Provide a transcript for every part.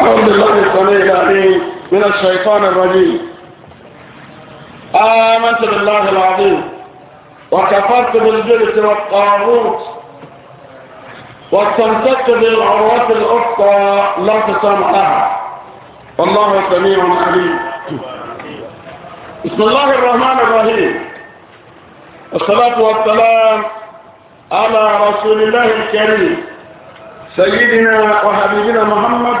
أعوذ بالله السميع العليم من الشيطان الرجيم آمنت بالله العظيم وكفرت بالجلس والطاغوت واستمسكت بالعروة الأخرى لا تسامحها. لها والله سميع عليم بسم الله الرحمن الرحيم الصلاة والسلام على رسول الله الكريم سيدنا وحبيبنا محمد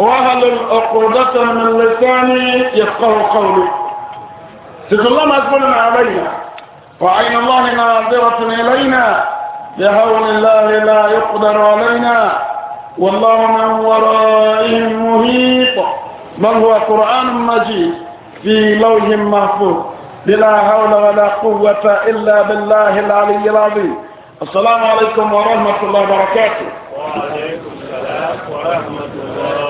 وهل العقودة من لساني يفقه قولي سيد الله ما علينا وعين الله ناظرة إلينا بهول الله لا يقدر علينا والله من ورائهم مهيط بل هو قرآن مجيد في لوح محفوظ بلا حول ولا قوة إلا بالله العلي العظيم السلام عليكم ورحمة الله وبركاته وعليكم السلام ورحمة الله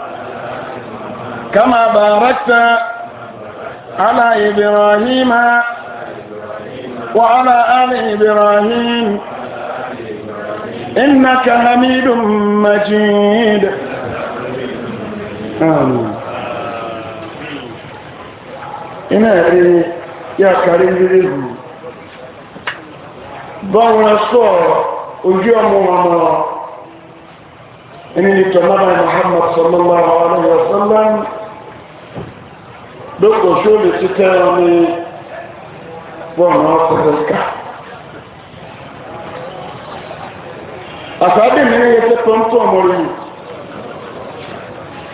كما باركت على إبراهيم وعلى آل إبراهيم إنك حميد مجيد آمين إنا يا كريم جلده ضعنا الصور وجيهم وماما إني تمام محمد صلى الله عليه وسلم dókò sóòlù títẹ́ ní bọ́ọ̀nù ọ̀pọ̀lọpọ̀ àtàdé mi yẹ kí tó ń tó ọmọ rẹ yìí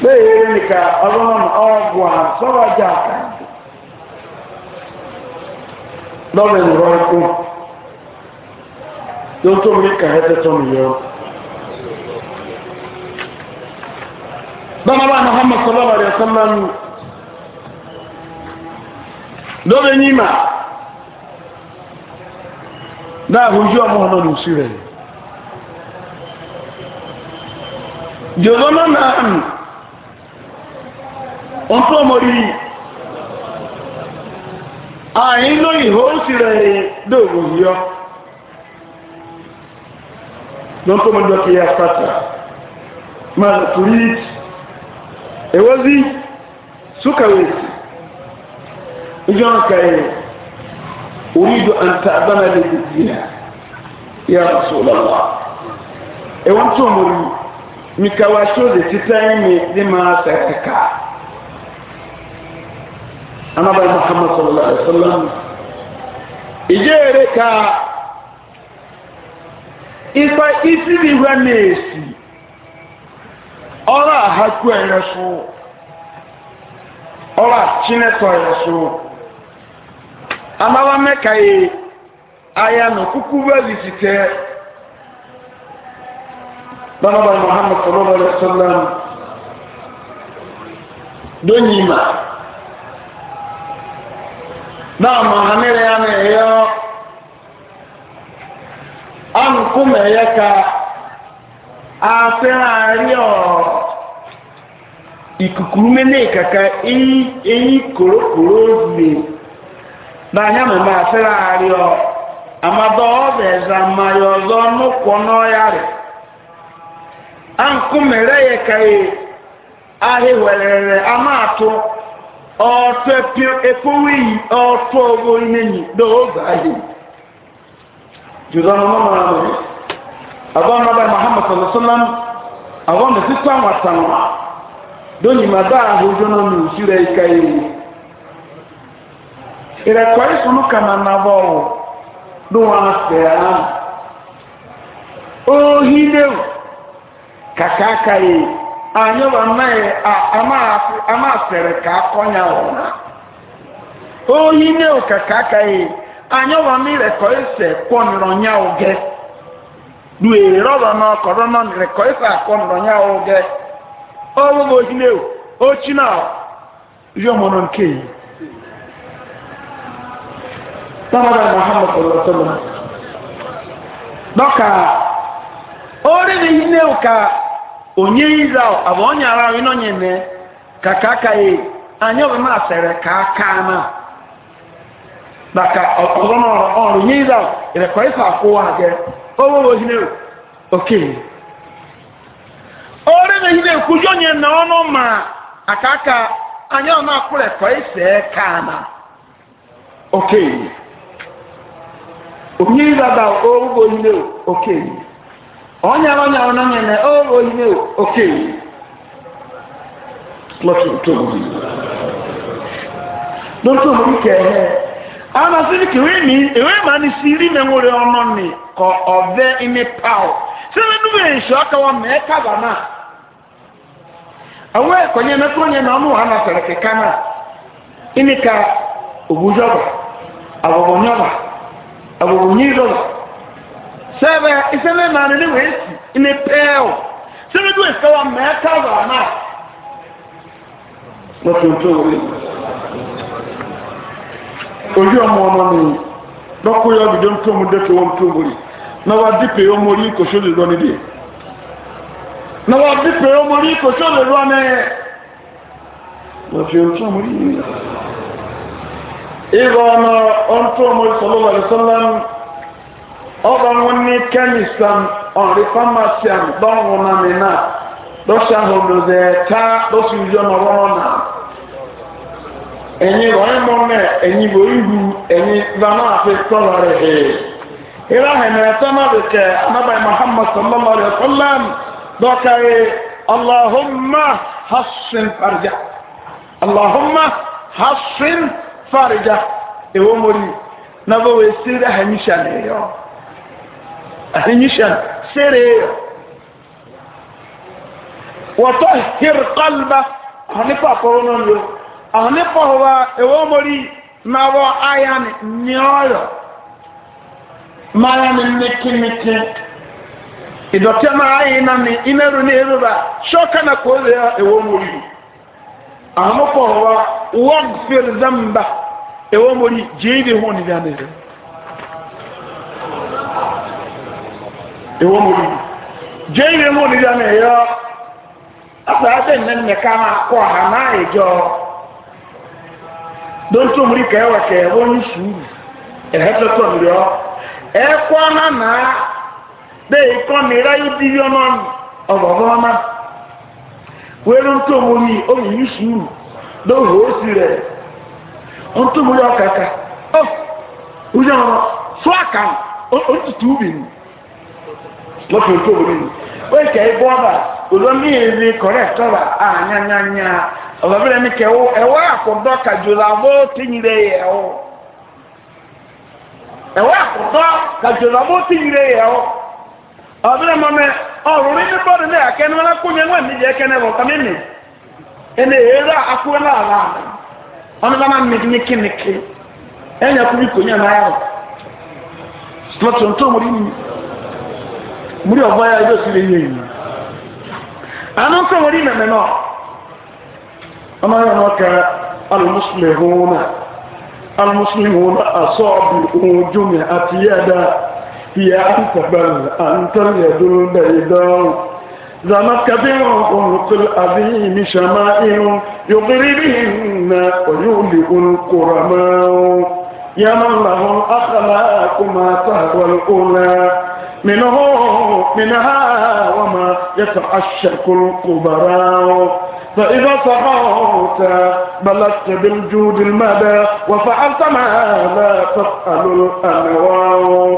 bẹ́ẹ̀ yẹ nìka ọlọ́run ọ̀gbọ̀n sọ́wọ́ ajá àká lọ́rọ̀ ìrọ̀ ẹ̀kọ́ tó ń tó mi kà ẹ́ tẹ́tọ́ mi yọ. bámabá muhammad sallallahu alayhi wa sallam lórí yíma dáàbò ojú ọmọ ọ̀nà ló sí rẹ̀ jòzó náà náà nù ohun tó mọ̀ rí àyín lóyìn ó sì rẹ̀ dòògùn yíọ́ lọ́n tó mọ̀ jọ kí ẹ pàtà máa إجان كاي أريد أن تأذن لي بالزنا يا رسول الله أنت مري مكواشو دي تتايمي لما سككا أنا بي محمد صلى الله عليه وسلم إجيري كا إفا إسيدي ونيسي أرى هكو يرسو أرى شنسو يرسو amawa mɛka yi aya no kuku bɛli titɛ bamaba muhammad sallallahu alaihi wa sallam donyima naa muhammad ya na ɛyɛ anko ma ɛyɛ ka asɛn ari ɔ ikukuru mɛ kaka eyi eyi korokoro yie. n'ahịa nọ asịrị arịọ amadọ ọdụ eza mmanya ọzọ n'ụkwụ n'ọyarị a nkumere ya ka e ahị werere ama atụ ọtụ epowe iyi ọtụ ogo ihe nyi n'oge ahị jụrụ ọnụ mara mụ abụọ n'ọbara muhammad sallallahu abụọ na sisi anwata nwa donyi ma daa ahụ jọ n'ọnụ usiri ike iwu ìrẹ̀kọ́ ìsúnú kàmà na bọ̀ wò ló wọn fẹ̀ ẹ́ ohi léwu kàkàkà yìí ànyọ́wà náà yẹ a máa fẹ̀rẹ̀ kà á ohi léwu kàkàkà yìí ànyọ́wà mi ìrẹ̀kọ́ ìsẹ̀ kọ́ nìrọ̀nyà wò gẹ́ lu èrò tọ́mọ́dọ̀ muhammad ọlọ́tọ́lọ́ dọ́kà orí ni ilé ọ̀ka onye ìzà àbọ̀ onye ara rí n'onye nẹ kàkà e, anyị ọbụ ma sere aka na maka ọzọ n'ọrụ ọrụ nye ịza ịrekọ akwụwa gị owe ohi na oke na na onye na ma oke onye ịzaba ogo ime okenye onye onye onye onye na ogo ime okenye lọtụ ntọmori lọtọmori ka ehe ana sị ka ewe ma ewe ma ni siri na nwere ọnụ ni ka ọbẹ ime paụ sịrị nnụnụ nsị ọka wa mee kaba na awo ekonye mekọ onye na ọnụ ha na fere keka na ịnị ka ogbujọba agbọgbọ nyọba awo nyi lɔn sɛbɛ isɛmɛ maa ni ne wo esi ne pɛɛw sɛbɛ do esika wa mɛ ka wa ma wɔ tuntun wuli ojú ọmọ ọmọ mi lọkọ yọ ọdún tó mu dẹ́tọ̀ wọn tó wuli na wa di pe ọmọ orí kòsó lè lọ́ni dè na wa di pe ọmọ orí kòsó lè lọ́ni wọ́n fi ọtún ọmọ orí ịba ọnụ ọntụ ọmụrụ sọlọlọ alịsọlam ọba nwunye kemistan ọnri famasian dọnwụ na mina dọsha hụdụzị taa dọsha ujo nọrọ na enyi rọnyị mọmẹ enyi bụ ihu enyi zanọ afị sọlọrị hị ịra ahụ na ẹsẹ bekee anabai muhammad sọlọlọ alịsọlam dọkarị allahumma hasin farja allahumma hasin farja farija ewo mori nabo we sere ahanyisha ne yo ahanyisha sere yo wa tahhir qalba ani pa ko no yo ani pa wa ewo mori ayan nyoyo mara ni meke meke idotema ayina ni imeru ni eruba shoka na ko ewo mori àwọn fọ̀rọ̀ wọ́n fèrè zamba ẹwọ́n mọ̀rí jéèdè hàn ní ìyá nìyẹn ẹwọ́n mọ̀rí jéèdè hàn ní ìyá nìyẹn afẹ́rẹ́sẹ̀ nẹ́nu nìka kọ́ àmà ìjọ dóńtó mọ̀rí kẹwàá kẹwàá ní sùúrù ẹ̀hẹ́tọ́tọ́ nìyọ na na náà bẹ́ẹ̀ kọ́ nìyẹn ráyé bílíọ̀nù ọ̀bọ̀bọ̀ máa. wẹ́rẹ́ ń tó mu ní omi yìí sùúrù lóhùn ó sì rẹ̀ ń tó mu ní ọ̀kàkà ọ́ wúyà wọn fún àkà ó ti tù ú bì ní lọ́kùn ń tó mu ní wọ́n kẹ́ ẹ bọ́ bá olómi yẹn ní kọ́rẹ́ tọ́ba àyànyànyà ọ̀bẹ̀bẹ̀rẹ̀ mi kẹ́ ẹ̀wọ́ àkọ́dọ́ kàjọlá bó ti yin lé yẹ ọ́ ẹ̀wọ́ àkọ́dọ́ kàjọlá bó ti yin lé yẹ ọ́ ọ̀bẹ̀rẹ̀ mọ́mẹ́. Ọ e rụrụ e na náà akẹ́ni wọn kúnyẹ wọn ní jẹ́ kẹ́ni ẹ̀rọ kan mímì ẹni èèrè akúwẹ́ náà rà wọn bá máa mìdí ní kíníkí ẹ̀yìn akúwé kò ní ẹ̀rọ ayọ̀ lọ́tọ̀ tó mú a mú rí ya يا بل أنت اليد البيضاء زمت كبير خلق العظيم شمائل يغري بهن ويولئ القرماء يا من له الأخلاق ما تهوى الأولى منه منها وما يتعشق الكبراء فإذا صغرت بلغت بالجود المدى وفعلت ما لا تفعل الأنواع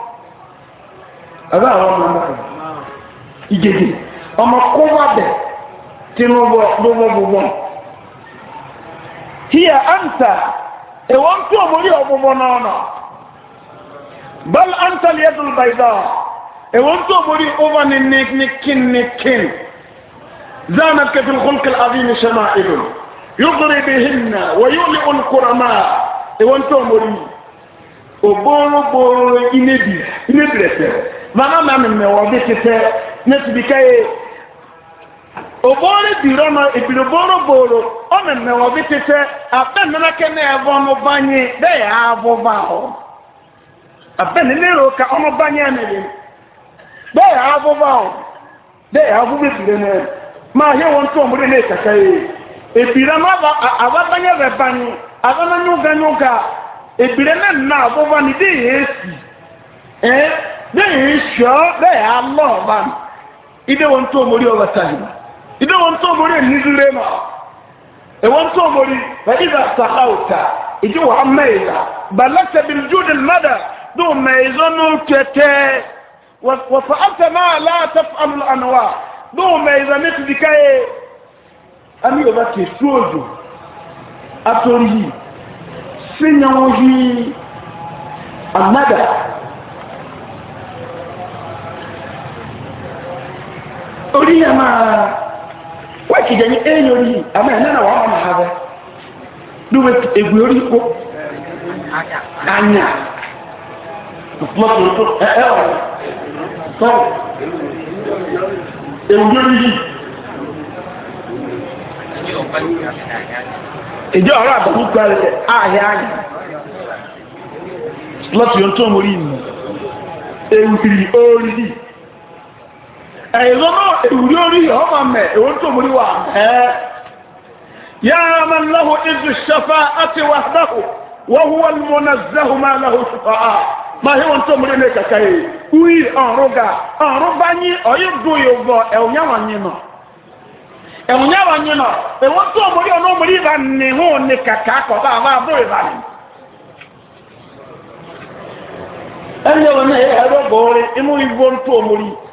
ẹ̀rọ àwọn ọmọ ọmọ kan ìjèjì ọmọ kó wà bẹ̀ tí mo bọ̀ gbogbo gbogbo hiya anta ẹ̀wọ̀n tí o mọ̀rí ọ̀gbọ̀gbọ náà nà bal anta lẹ́dùn bàyìdà ẹ̀wọ̀n tí o mọ̀rí ọba ni nìkin nìkin zanat kẹfìn kúnkìl azim sẹ́mà ìlú yókùrì bí hinna wàyúlì olùkùrọ̀mà ẹ̀wọ̀n tí o mọ̀rí ògbóró gbóró inébi inébi rẹ̀ sẹ́wọ̀. ma mami mi wɔ bi tete ne ti bi kɛye obore biro no ebiro ọ boro ɔmi mi wɔ bụ tete abɛ nana kɛ ne ɛvɔ no banyi bɛ yɛ avɔ ba hɔ abɛ ne nero ka ɔno banyi ɛmi bi bɛ yɛ bɛ bi maa de ne ye ebiro a na ebiro na nna ba ni de esi bẹ́ẹ̀ sọ bẹ́ẹ̀ alọ́ ọba mi ilé wọn tó mórí ọba sàlìmà ilé wọn tó mórí nídúré mọ ẹwọn tó mórí bẹ́ẹ̀ sàkà òkà ìdí wàá mẹ́ẹ̀dá balẹ̀sẹ̀ bíi júdì mẹ́dà dùn mẹ́ẹ̀zọ́ ní tẹ̀tẹ̀ wọ́fọ̀ àtẹ̀ náà láàtẹ̀ fún ànúwà dùn mẹ́ẹ̀zọ́ ní ti dìkà yẹ. ami ọba kì í tú òjò atori yìí sínú yìí amada. orí yẹn máa wákì jẹ́ ní èèyàn orí yìí àmọ́ ẹ̀nà náà wọ́n máa máa bẹ́ lúwẹ́ ègbè orí kó anya mọ́tòótó ẹ̀ẹ́ ọ̀rọ̀ sọ́ọ̀ ègbè orí yìí. ìjọ ọ̀rọ̀ àbẹ̀wò gba rẹ̀ ààyè ààyè lọ́tìyọ̀ tó ń wọlé ìmọ̀ ewu kiri orí yìí. ẹ̀yìn lọ́nà ìwúrí orí ọmọ mẹ́ tó wà yá ń na zẹ́hù máa lọ́hùn ṣùfà á. máa yẹ wọn tó mú ní kàkà yìí wúyì ọ̀rùn ga ọ̀rùn bá yín ọ̀yẹ́ dùn yóò bọ̀ ẹ̀wọ̀n yà wà nà. ẹ̀wọ̀n tó ọ̀nà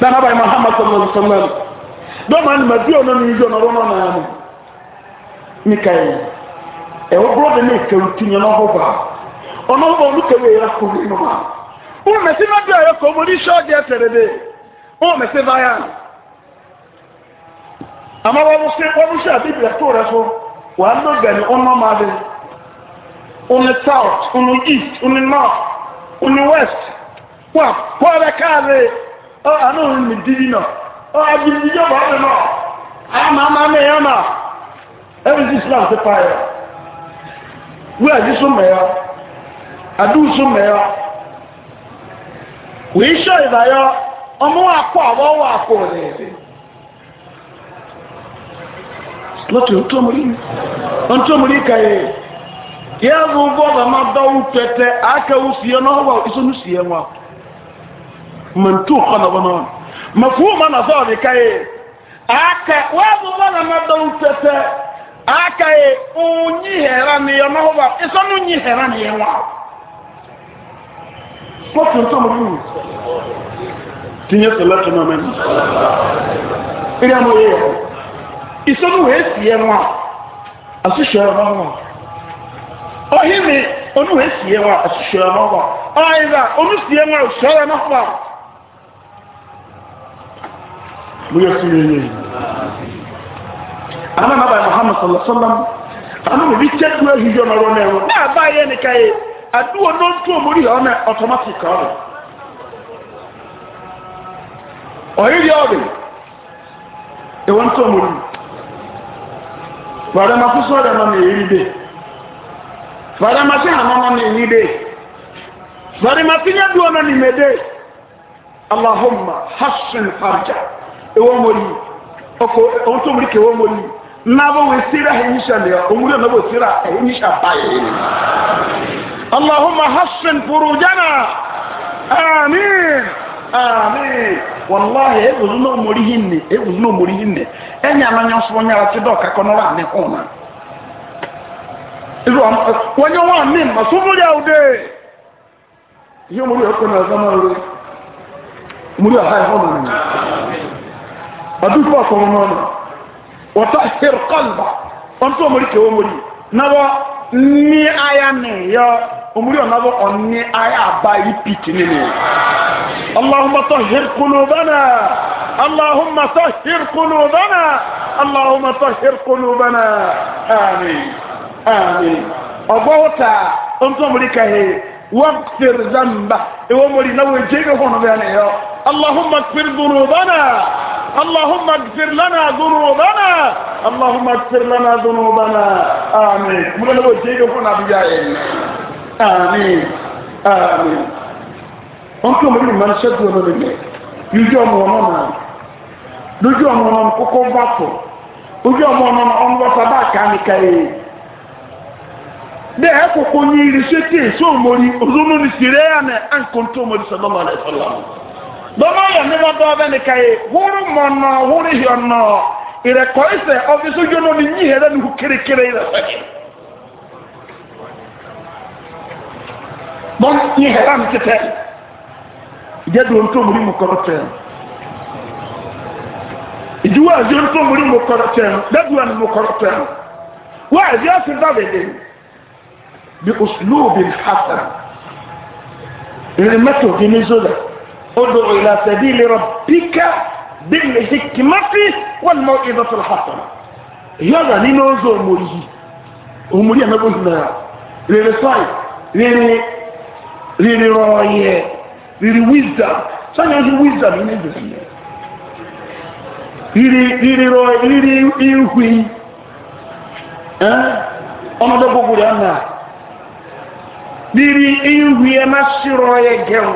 nana bai muhammad sallallahu alaihi wasallam do man ma bi ono ni jo na rono na ni mi kai e o bro de ni ke uti ni no ho ba ono ho lu ke we ra ko ni no ba o me si na bi ayo ko mo ni sho de tere de o me se ba ya ama wa mo se wa mo se abi bi to ra so wa no ga ni ono ma de on the south on the east on the north on the west wà pọ́ọ̀rẹ́ káàrẹ́ ọ àná òun mi dìrì ọ àjìmí yóò bá ọ̀rẹ́ ama ama àmà àmà ẹ̀yọ́ náà ẹ̀rù islam ti pa ẹ̀ wí àjí sún mẹ́yọ́ àdúù sún mẹ́yọ́ ya í ṣọ́ ìdáyọ́ ọmọ wa kọ́ àwọ̀ wà kọ́ mọ̀ntú kọ́nà wọn náà mọ̀fúnmọ́ náà sọ̀rọ̀ nìkan yìí aka wàá bọ̀ wọn náà dọ̀wọ́ tẹ́tẹ́ aka yìí ònyì hẹ̀rẹ́ ni yẹn náà wà ìsọ́nù nyì hẹ̀rẹ́ ni yẹn wà. pọ́pù tó mọ̀ fún mi tìnyẹ sọlá tó náà mẹ́rin ìdí àmọ́ yẹ yẹ ìsọ́nù wẹ̀ sì yẹn wà àṣìṣe ọ̀rọ̀ wà ọ̀hìn mi onú wẹ̀ sì yẹn wà àṣìṣe ọ̀rọ̀ wà ọ̀hìn mi onú sì yẹn wà àṣìṣe ọ̀rọ̀ wà bóyá sí yẹn yẹn. Àná nàbà Mùhàmmad sàlọ́sọ́lám àná mi bí kẹ́kọ̀ọ́ ẹ̀hìnjọ́ náà rọ́ọ̀nà ẹ̀rọ. Ní àbá yẹn ni káyé àdúgbò náà ń tún òmórí ọ̀nà ọ̀tọ́mátìkì ọ̀rọ̀. Ọ̀yẹ́ Allahumma hasan farja. ewo mori ọkọ ohun tó ka kẹwọ́ mori náà wọ́n síra ẹ̀yìn ṣẹlẹ̀ òmùlẹ̀ náà wọ́n síra allahumma hassan furujana amin amin wallahi ebuzu náà mori hinne ebuzu náà hinne ẹ̀yìn alanya sọ nyara ti dọ̀ kakọ náà Ihe ọdún fún ọkọ̀ wọn náà wọ́tọ̀ hìr kọlbà ọ̀n tó omori kẹwọ́ omori náwọ́ ní aya nìyọ omori ọ̀nàwọ́ ọ̀ní aya àbá yìí pìtì nínú allahumma tọ̀ hìr kulubana allahumma tọ̀ hìr kulubana allahumma tọ̀ hìr kulubana amin amin ọgbọ́wọ́ta ọ̀n tó واغفر ذنبه ومري لو جيك هون بيني اللهم اغفر ذنوبنا اللهم اغفر لنا ذنوبنا اللهم اغفر لنا ذنوبنا امين مولا لو جيك هون بيني امين امين onto mo ni man shadu no ni yuju ọmọ ọmọ na lójú ọmọ ọmọ kókó bá tó lójú ọmọ ọmọ ọmọ ọmọ bá sábà ká de ɛkoko nyiiri sete so omori ozunu ni sire ya na ankonto omori sɔlɔlɔ alɛ sɔlɔ dɔbɔ yɛ ne ma dɔɔ bɛ ne ka ye woro mɔnɔ woro hiɔnɔ ìrɛ kɔri sɛ ɔfiisi jono ni nyi yɛrɛ nuhu kerekere yɛrɛ fɛ kɛ bɔn nyi yɛrɛ mi tɛ ìjɛ do nto omori mu kɔrɔ tɛ ìjuwa azi nto omori mu kɔrɔ tɛ dɛduwa ni mu kɔrɔ tɛ wa azi ɔsi dɔ bɛ de bi uslubin hasan rimato gini zola odo ila sabili rabbika bil hikmati wal mau'izati al hasana yala ni no zo mori omori amago na rere sai rere rere roye rere wisdom sanya ni wisdom ni zo rere rere roye rere ihu eh ọmọdé gbogbo rẹ̀ náà biri ihuye masiro ye gem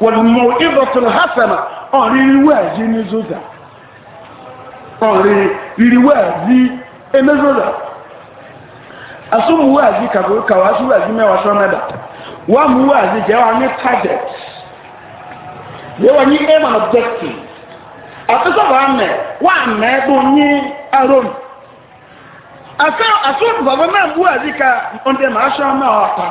wal mu'izatul hasana ọrịa waji ni zuza ori biri waji emezuza asumu waji ka meda wa mu wa ni wa ni aim and objective Aso asa asọ́nù bàbá náà bú àdí ká ọ̀dẹ màá sọ ọ́nà ọ̀pá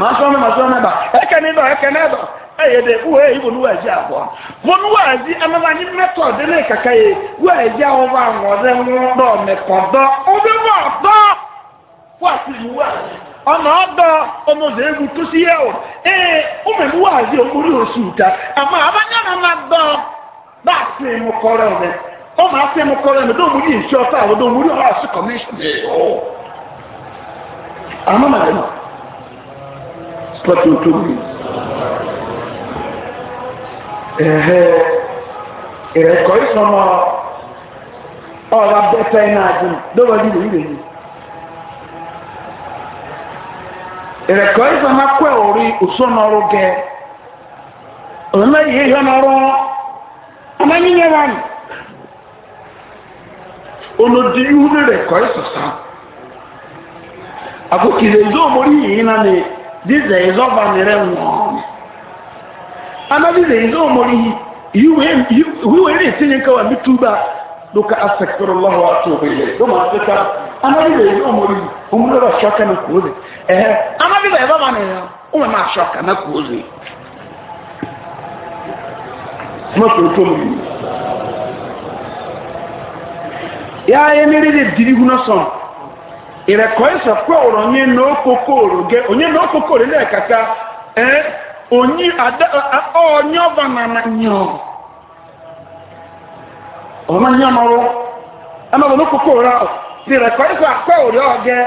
màá sọ ọ́nà màá sọ ọ́nà bà ẹ̀kẹ́ ní bọ̀ ẹ̀kẹ́ ní bọ̀ ẹ̀yẹ dẹ̀ wọ́n èyí bọ̀ níwọ̀ ẹ̀jẹ̀ àbọ̀ wọn níwọ̀ ẹ̀jẹ̀ ẹ̀mẹ́fà ní mẹ́tọ̀ ọ̀dẹ náà kàkà yẹ wọ́n ẹ̀jẹ̀ àwọn bá àwọn ọ̀dẹ ńlọ mẹ́kọ̀dọ́ ọdẹ wọ̀ ọ̀dọ́ wọ́n àti ìwà ọ̀nà ọ̀dọ́ ọmọdé egwu tó sí yẹ o ee ụmụ ẹ̀mú wà á di orí òṣù ta àmọ́ àbájáde máa dọ̀ bá a sì mú kọ́rọ̀ rẹ̀ ọ máa fẹ́ mu kọ́ra mi dóòmù yìí nṣẹ́ ọ̀fẹ́ àwọn dóòmù yìí ọ̀hásí kọ̀míṣọ̀nì ọ̀ àmọ́ màá lẹ́nu pọ̀tù tó mi ẹ̀hẹ́ ìrẹ̀kọ́ ìsọmọ ọ̀rọ̀ abẹ́fẹ́ náà dùn dóòmù yìí lè yìí ìrẹ̀kọ́ ìsọmọ akọ ẹ̀wọ̀rí òṣùwọ̀n ọ̀rọ̀ gẹ̀ ọ̀nà yìí yọ̀ ọ̀nà ọ̀rọ̀ ọ̀nà yìí yẹ wà ní olodi ihu rẹ̀ kọ́ ìsọ̀sá àkókìlẹ̀ ìzó omori yìí náà ni dízẹ̀ ìzọ́ bá nìrẹ̀ wọ̀n anábìzẹ̀ ìzó omori ìwé rẹ̀ tí yín kọwàá mítú bá lóka asẹ̀kọ̀rọ̀ lọ́wọ́ àti òbílẹ̀ lọ́mọ afẹ́ká anábìzẹ̀ ìzó omori omúlọ́rọ̀ ṣọ́kà náà kò rẹ̀ ẹ̀hẹ́ anábìzẹ̀ ìzọ́ bá nìrẹ̀ wọ́n máa ṣọ́kà náà kò rẹ̀ mọ́tò tó mú ya ye mere de diri huno so ire ko eso ko oro ni no kokoro ge onye no kokoro le kaka eh onyi ada onye oba na na nyo o ma nyo maro ama e no kokoro o ire ko eso ko oro ge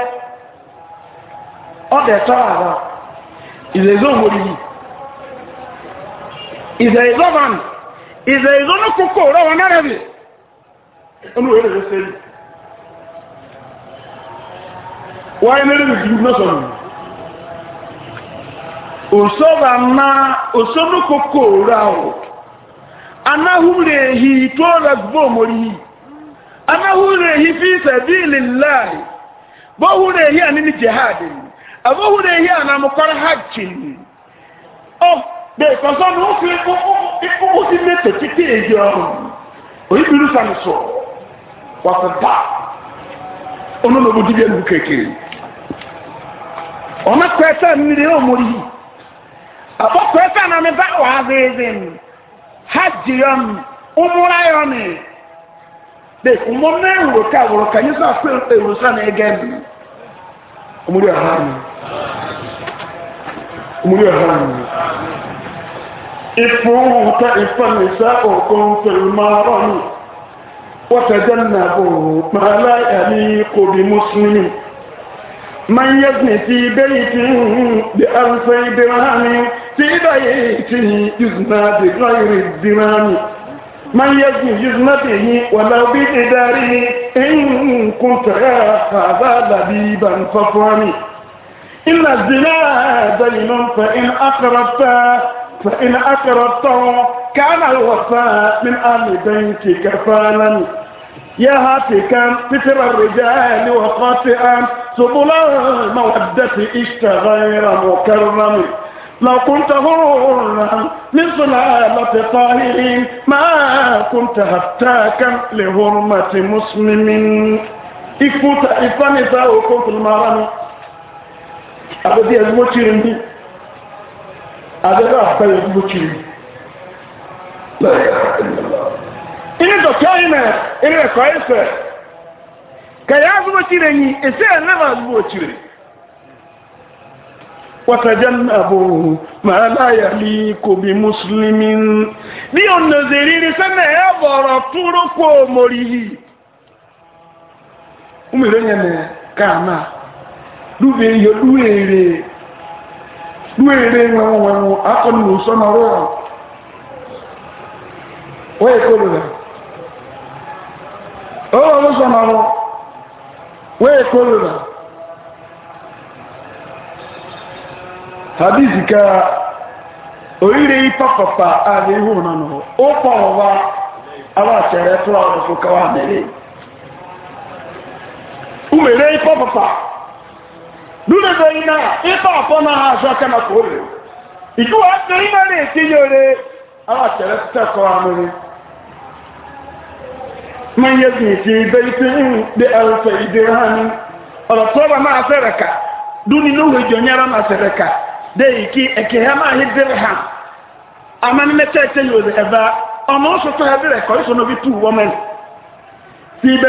o de to ara ile zo mo yi ile zo van ile zo no kokoro wa na rebi olùwẹ̀ rẹ̀ ṣe yìí wáyé mẹ́rin ní ìlú náà sọ̀rọ̀ àná òṣòwò kòkó rà ó anáhùrè èyí tó rẹ̀ gbọ́ fi sẹ̀bí ìlìláì bọ́hùrè èyí ehi jihadi àbọ̀hùrè èyí ehi mọ̀kọ́rọ̀ hajj bẹ́ẹ̀ kọ́sọ́ ó fi ó ti lé tètè eji ọ̀run òyìnbí rúfà ní wàtò dà ọ̀nà ló bó dìbíyà lùkù kékeré ọ̀nà kọ́ ẹ̀fẹ́ mìíràn yóò yìí àbọ̀kọ́ ẹ̀fẹ́ náà mi bá wà á hajj yọ mi umura yọ mi de ọmọ mẹ́rin wò ká wòrò yín sọ àpé èrò sọ náà ẹgẹ́ mi ọmọdé ọ̀hán mi ọmọdé ọ̀hán mi. Ìfowópamọ́ وتجنبوا ما لا يليق بمسلم من يزني في بيت بألف درهم في بيته يزنى بغير الدرهم من يزني جزمته ولو بإداره إن كنت يا هذا لبيبا فافهمي إن الزنا دين فإن أقربته فإن أقربته كان الوفاء من أهل بيتك فانا يا هاتكا فتر الرجال وخاطئا سبل المودة اشت غير مكرم لو كنت هنا من سلالة طاهرين ما كنت هتاكا لهرمة مسلم إكفوت إفاني ساو كنت المرام أبدي أزموتشيرين دي أبدي أحبا يزموتشيرين لا إله إلا الله ihe dọkịa anyị na ina yɛ kɔ yi fɛ kɛyɛ azuma kyerɛ nyi ese yɛ nɛma azuma kyerɛ ma la yaliku bi muslimin bí ọ̀nà zèrìrì sẹ́nà ẹ̀ bọ̀rọ̀ túrú kó mọ̀rì yìí umere yẹn mẹ káàmà dúbẹ̀ yọ dúwèrè dúwèrè wẹ̀wọ̀n na òsọ́nà ọwọ́ ló sọ náà wọ́n kóró ha hadith ka oríire yìí ihu náà nù ó pọ̀ wọ́n aláṣẹ̀rẹ̀ tó àwọn ọ̀sọ̀ kọwà mẹ́rẹ̀ umere yìí pàpàpà lúlẹ̀dọ̀ yìí náà aṣọ aláṣẹ̀rẹ̀ من يبني في بيت بألف درهم ọ̀rọ̀ tó bá máa fẹ́ rẹ̀ ká dúni lóhùn ìjọ nyára máa fẹ́ rẹ̀ ká déyìí kí ẹ̀kẹ́ hẹ́ máa hí dirham amánimẹ́tẹ́ ẹ̀tẹ́ yóò lè ẹ̀bá ọmọ sọ̀tọ̀ ẹ̀ bẹ̀rẹ̀ kọ́ ìṣọ̀nà bí si ibe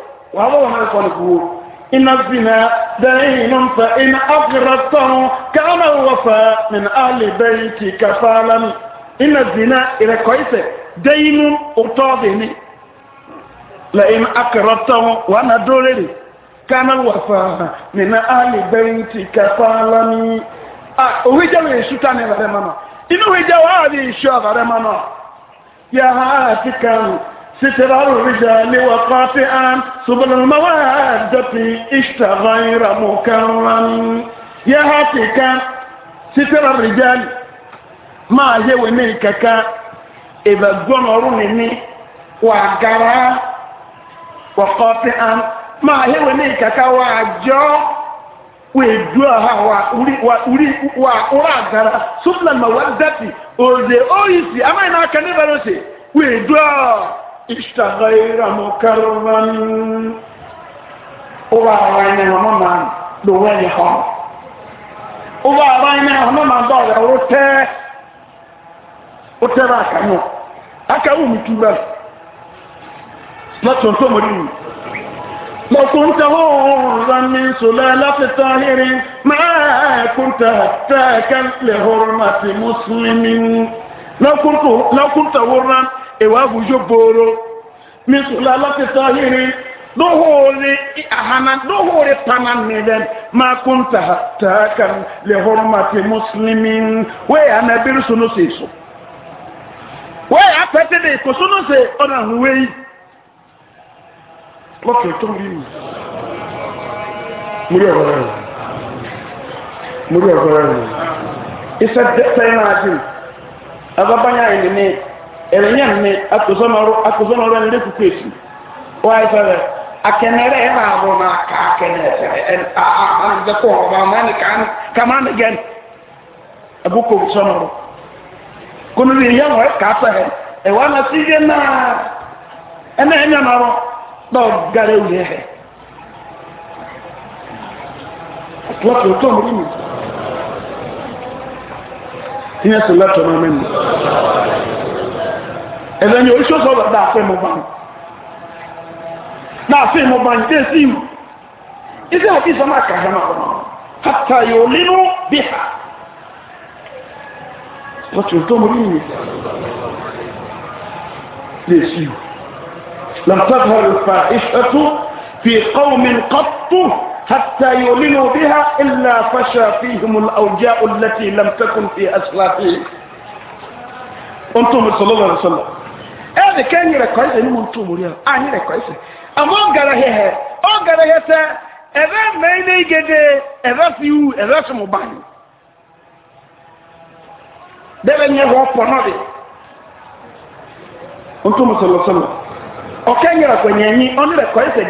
وهو ما يقول إن الزنا دين فإن أغرته كان وفاء من أهل بيتك فعلا إن الزنا إلى كويسة دين أرتاضني لئن أقرته وأنا دولي كان الوفاء من أهل بيتك فعلا أهجا ويشتاني غرمنا إنه هجا وهذه الشيء غرمنا يا هاتكا ستر الرجال وقاطعا سبل المودة اشت غير مكرم يا هاتيكا ستر الرجال ما هي هو ملكك إذا جمرني وقرا وقاطعا ما هو ملكك وعجو weduaha wa uri wa uri wa ura gara subla mawaddati oze oyisi amai na aka ne barose weduaha istaghaira mukarraman uba abaine hamaman duwani hon uba abaine hamaman ba da rute utera kanu aka wu mutuba matun to muri لو كنت ما كنت هتاكا لهرمة مسلم لو كنت لو كنت غرا ewabu joboro misula lati tahiri dohore ahana dohore panan neden ma kunta takan li hurmati muslimin we ana bir sunu sisu we apete de ko sunu se ona huwe lọkẹ tó rí mi múrí ọ̀rọ̀ rẹ̀ múrí ọ̀rọ̀ rẹ̀ iṣẹ́ tẹ́yìn náà jù abábáyà ìlú ní ɛrɛnyɛ mme akosɔmɔrɔ akosɔmɔrɔ ɛnlɛ kuku esu wɔayɛ sɛrɛ akɛnɛrɛ yɛ baa bɔ na aka akɛnɛrɛ sɛrɛ ɛn a a maa nzɛ kɔ ɔba maa ni kaa kama ni gɛn ɛbu kɔ sɔmɔrɔ kɔmi bi yɛ wɔ kaa sɛrɛ ɛwɔ na si yɛ naa ɛnɛ ɛnyɛ nɔrɔ dɔw gara ewu yɛ hɛ lɔtɔ tó mu ni mu tiɲɛ sɛ lɔtɔ maa mɛ mu. ẹ̀rẹ́ ni oríṣi ọ̀sọ̀ ọ̀dà àfẹ́ mọ̀ báyìí náà fẹ́ mọ̀ báyìí tẹ́ sí ìmọ̀ iṣẹ́ àti ìsọmọ àkàrà náà wọ́n hàtà yóò nínú bí ha wọ́n ti tó mú ní ìwé lè sí ìwé لنتظهر الفاحشة في قوم قط حتى يؤمنوا بها إلا فشى فيهم الأوجاء التي لم تكن في أسلافهم أنتم صلى الله عليه وسلم ɛni kenyere nyi ntu a ama ɔgara ɔgara ɛbɛ ne gede ɛbɛ fiwu ɛbɛ sumu bani bɛbɛ nyɛ hɔ pɔnɔ de ntu mu nyɛnyi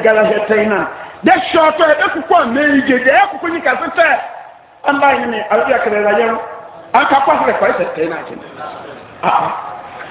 gara hɛsɛ yi e e e na de sɔɔtɔ ɛbɛ kukɔ mɛyi gede ɛyɛ kukɔ nyi kasi tɛ an b'a ɲini alabi akɛrɛ la yɛn an ka kɔsi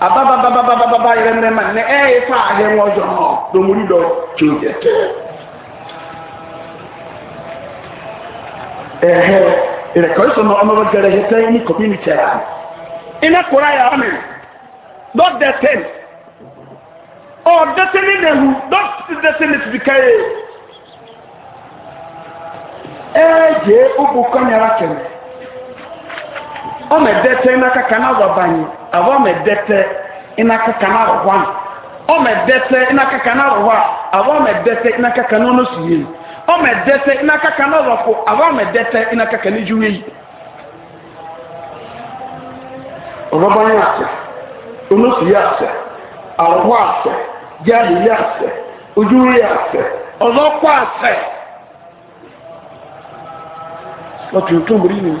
ababababababa yɛ mɛma nɛ ɛyɛ fa ahɛ ŋɔdzɔ nɔ domuli dɔ tso dzɛtɛ ɛhɛ ɛrɛkɔlisɔ nɔ ɔmɛ bɛ gɛrɛ yɛ tɛ ni community yɛ ina kura yɛ ɔmɛ dɔ dɛtɛ ɔ dɛtɛ ni nɛhu dɔ dɛtɛ ni ɛɛ o kɛmɛ na kaka na wa aba ɔmɛ dɛtɛ ina kaka na ɔhɔ ano ɔmɛ dɛtɛ ina kaka na ɔhɔ a aba ɔmɛ dɛtɛ ina kaka na ɔno suwie yi ɔmɛ dɛtɛ ina kaka na ɔrɔfo aba ɔmɛ dɛtɛ ina kaka na edwuwe yi ɔrɔba yɛ asɛ ɔno suwie asɛ ɔrɔfo asɛ gyaade yɛ asɛ edwuwe yɛ asɛ ɔrɔkɔ asɛ ɔtuntun mu yi ni.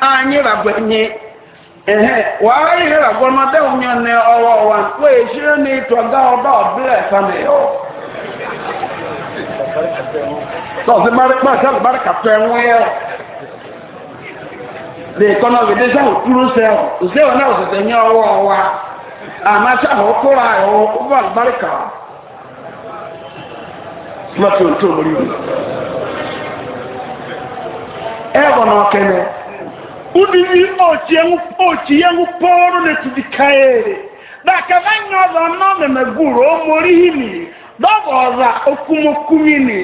anyị ragwenye ehe wàá ihe ragwọnọdé na ne ọwọ wa wọ́n èsìrè ní ìtọ́gá ọba ọbụla sani yọ. tọ́sí marikpa ọbụla marikpa tó ẹ̀wọ̀n yẹ lè kọ́nà udiri ochiyengu poro netudikaere bakavanyoza nomemeguru omorihini dọbọza okumokuyini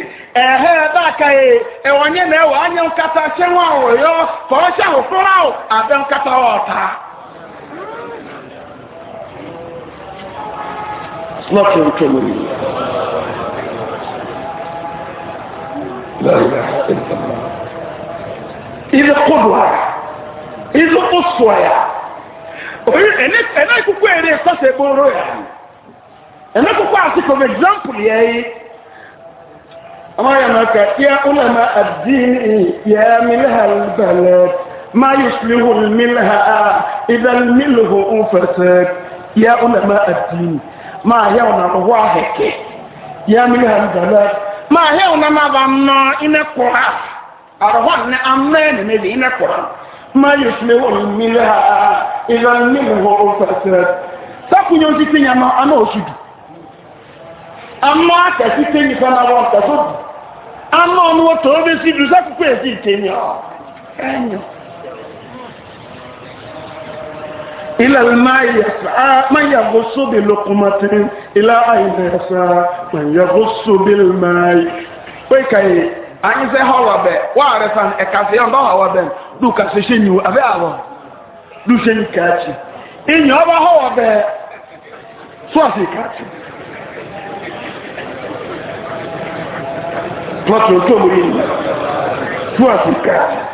ehe bakae ewonye na ewe anya nkata chenwa oyo kọọcha hụfụrụ ahụ abịa nkata ọta Slọ́tì ọ̀tọ́mọ̀lì. Láyé ìlú. Ilé kọ́dù ara. izu ụsụ ya ene kuku ere ekporo ya ene asị for example ya yi ama ya na ka ya ya milha albalad ma yuslihu almilha idha almilhu ya ulama addini ma ya na ruwa heke ya milha albalad ma ya na ma ba no ha. qura na ما يشمه منها إذا منه فسد سكون يوزي كنيا ما أنا أشد أما كسي كنيا فأنا أرون كسد أما أنو توبي سيدو سكو كيسي كنيا أنيو إلى الماء يسعى من يغص بلقمة إلى أين يسعى من يغص بالماء ويكاي anyi sɛ hɔ wɔ bɛ wɔare san ɛkase yɛn ba hɔ wɔ bɛn du kase hyɛ nyiwo abe awɔ du hyɛ nyi kaakyi enyi ɔba hɔ wɔ bɛ soɔsi kaakyi tɔtɔ tɔmɔ yi soɔsi kaakyi.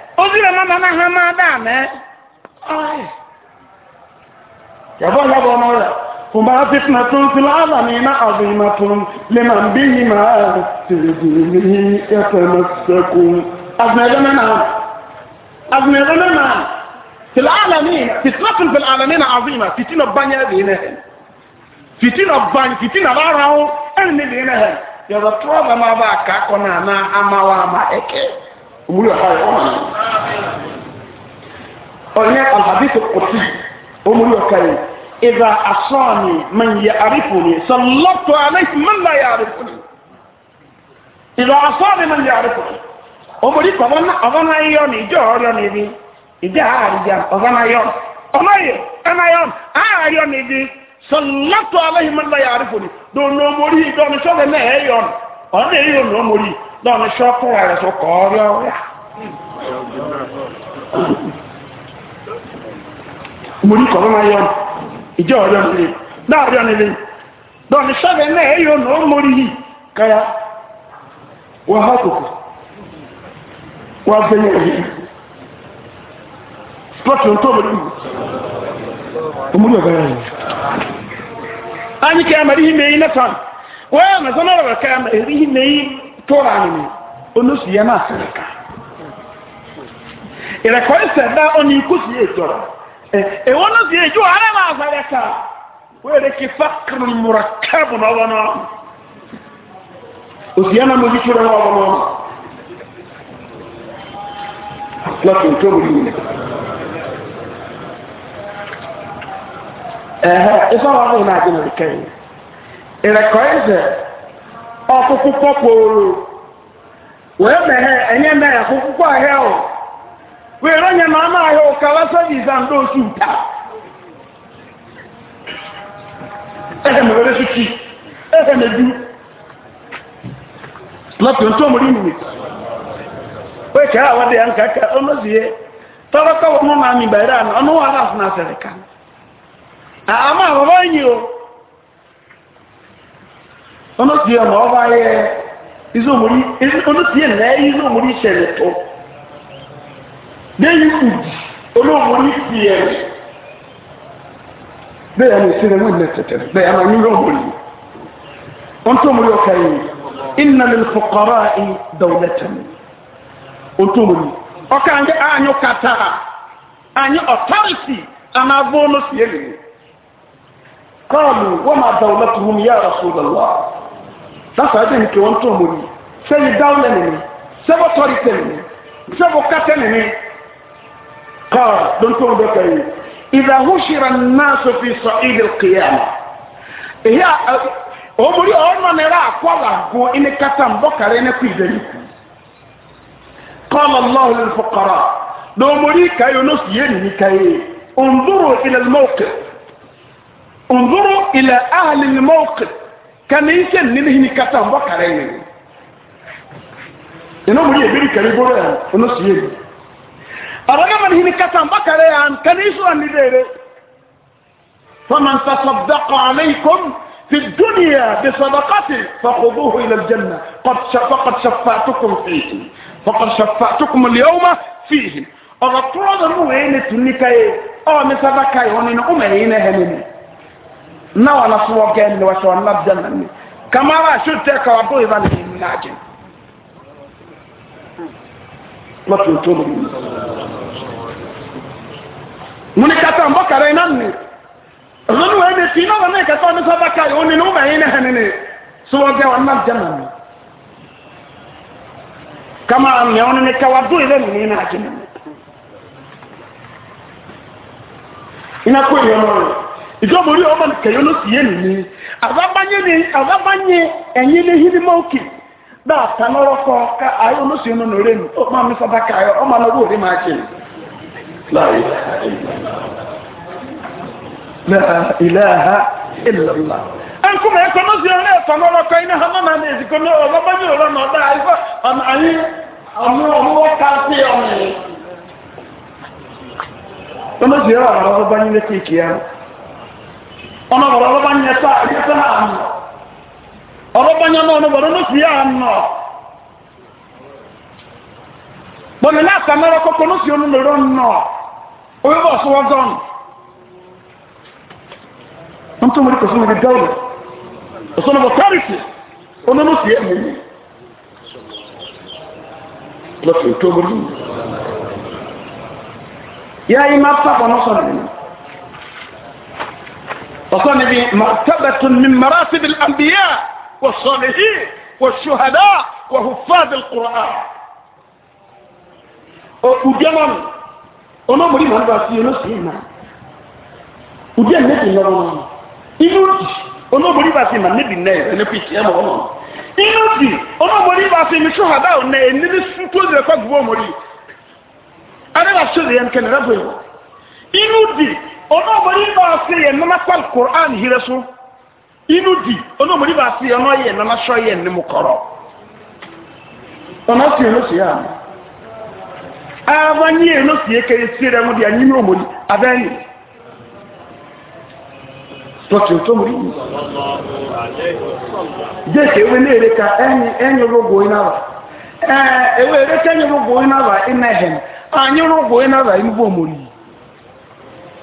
ozire mama na ha ma da me yabo yabo no la kuma fitna tun fil alamin azimatun liman bihi ma tadini n'ime azmedana na azmedana na fil alamin fitnatun fil alamin na fitina banya dine fitina ban fitina barao en ne dine ya ma ba ka na amawa ma eke omuli ɔha yɛ ɔma no ɔnyɛ alhadith kɔti omuli ɔka yɛ idha asani man yarifuni sallatu alayhi man la yarifuni idha asani man yarifuni omuli kɔ ɔbana ɔbana yɔ ni ijɔ ɔyɔ ni bi ijɔ aha arija ɔbana yɔ ɔna yɛ ɛna yɔ aha yɔ ni bi sallatu alayhi man la yarifuni do n'omuli Ọ na ò lọ́mọ rí lọ́nà ṣọ́ọ̀kù rẹ̀ tó kọ́ ọ́ rí ọ̀rẹ́ mo rí kọ̀ọ̀rọ̀ máa yọ ìjọ ọ̀rẹ́ mi lè dáàrẹ́ ọ̀nà ilé na ṣọ́ọ̀kù náà èyí ò lọ́mọ rí yìí káyà ohi há kòkò wọ́n fẹ́ a wọ́n mẹ́ sọ́nà ọ̀rọ̀ kẹ́ mẹ́ èyí ní tóra nìyí olóṣù yẹn máa sọ̀rọ̀ ká ìrẹ̀kọ́ ìṣẹ̀dá ọ̀nà ikú sí èjọ èwọ́n náà sì èjọ ara máa sọ̀rọ̀ ká wọ́n èrè kí fákìrì múra káàbù lọ́wọ́ náà òsì yẹn náà mo fi ṣúra lọ́wọ́ náà lọ́sì tó wù yìí ẹ̀hẹ́ ìfọwọ́ ọ̀hún náà dín ìrẹ̀kọ̀ ẹ̀zẹ̀ ọkụkụ kpọkpọrọ wee meghe enye meghe akwụkwọ ahịa ọ were onye ma ama ahịa ụkawa sọvis na ndị otu nta eze mewere suchi eze medu lọtụ ntụ omori nwere wee chere awa dị ya nka ka ọ mezie tọrọkọwa mụ na amị gbara ọnụ wa na asị na asịrị ka ama ahụhụ enyi o ono tie ma ọba yẹ izo omori ono tie na ẹ izo omori hyẹlẹ to bẹẹni udi ono omori tie bẹẹ yẹn esi na mu ilẹ tẹtẹrẹ bẹẹ yẹn anyi omori onto omori ọka yi inna lil fukara yi dawulẹtẹm onto omori ọka anyi anyi kata anyi ọtariti anabo no sie lele kọọlu wọn ma dawulẹtuhum ya rasulallah sasa ɛdi nke wɔn tɔn mo ni sɛ yi daw lɛ nini sɛ bɔ tɔri tɛ nini sɛ bɔ kata nini kaa don tɔn bɛ ka yi idahu shira naaso fi sɔ idil kiyama eya omori ɔno ne ra akɔla go ɛni kata mbɔ kare ɛni ku idari ku kɔla lɔɔri lufɔkɔra domori kayi ono si yɛ nini kayi ondoro ilal mɔkɛ ondoro ilal ahali mɔkɛ. kàmi ń sẹ́ni nínú yìí kata ń bọ́ kàrẹ́ yìí inú mu yìí ebi kàrí bọ́rọ̀ yà ọ̀nà sì yé mi àbájáma ní yìí kata ń bọ́ kàrẹ́ yà kàní sọ̀rọ̀ ní dèrè fọmà ntàfọ̀dàkọ̀ àlẹ́yìnkọ́m fi dúnìyà bisadakati fàkóbóhó ilẹ̀ jẹ́nà kọ̀tṣàfàtukùn fìhì fọkọ̀tṣàfàtukùn lẹ́wọ́mà fìhì ọ̀rọ̀ tó na wanafuwa gani washawana janani kama washuteka waboi bali minaje watu utolo muni kata mboka renanni zonu wende eh, sina wane kata ni kwa baka yoni numa hine henene suwa gani wana janani kama amyaona ni kawadui bali minaje inakuwa yonono ìjọba orí ọmọ kẹyọ ló sì yé nìyí àbábáyé ẹ̀yìn ní hídímọ́ọ̀kì dáa tanọ́rọ́ kọ ká ayé olóṣèlú nínú rẹ̀ nù ọmọ mi sábà ká ayọ ọmọ náà wò máa ṣe láàyè láàìláha ìlàlá. ẹnkúmọ ẹkọ náà sì ọrẹ tanọ́rọ́ kọ iná hàn náà ní èsìkò ní ọlọ́bàyé ọ̀rọ̀ náà dáa ayífọ́ ọ̀nà ayé ọmọ ọmọ ká sí ọmọ yìí. ọmọ sì ọrọ àwọn ọlọ́bàyé lẹ́kẹ̀ẹ́ ọmọ bọ̀rọ̀ ọlọ́ba nyẹ sá ẹ̀yẹ sẹ́ náà nù ọlọ́ba nyẹ náà ọmọ bọ̀rọ̀ ló fi yà nù ọ. bọ̀mí náà sàmì ẹ̀rọ kọ́kọ́ ló fi ọ̀nù lọ́rọ̀ nù ọ oyè bọ̀ sọ wọ́n dọ́n. ntọ́ mọ̀rí kòsó mọ̀rí dáwọ̀ ọ̀sán ọ̀bọ̀ kárìsì ọ̀nà ló fi yà mọ̀ mí. ètò ọmọ yìí. yá yìí má sábà náà sọ̀rọ̀ وصنع مرتبة من مراتب الأنبياء والصالحين والشهداء وحفاظ القرآن وجمال ọmọ mọ̀rí mọ̀ nípa sí ẹnu sí ìmọ̀ ìdí ẹ̀ nẹ́bì lọ́wọ́ wọn inú òjì ọmọ mọ̀rí bá sí ìmọ̀ nẹ́bì náà ẹ̀ nẹ́bì sí ẹmọ ọmọ inú òjì ọmọ mọ̀rí bá sí ìmọ̀ ṣọ́hàdá ọ̀nà ẹ̀ níbi tó lè kọ́ gbogbo mọ̀rí adébàṣọ́ lè yẹn kẹ́nẹ̀rẹ́ bọ̀ inú òjì onu obodo bá a sí yẹn nana pàl kùrán yìí so di ọ̀nà òmòrí bá a ya yẹn ọ̀nà ya nana sọ yẹn ní mu kọ̀rọ̀ ọ̀nà sí yẹn ló sì yà mí ààbà ní yẹn ló sì di ka ẹ̀yìn ẹ̀yìn rògbò iná wà ẹ̀ẹ́ ewé èrè kẹ́yìn rògbò iná wà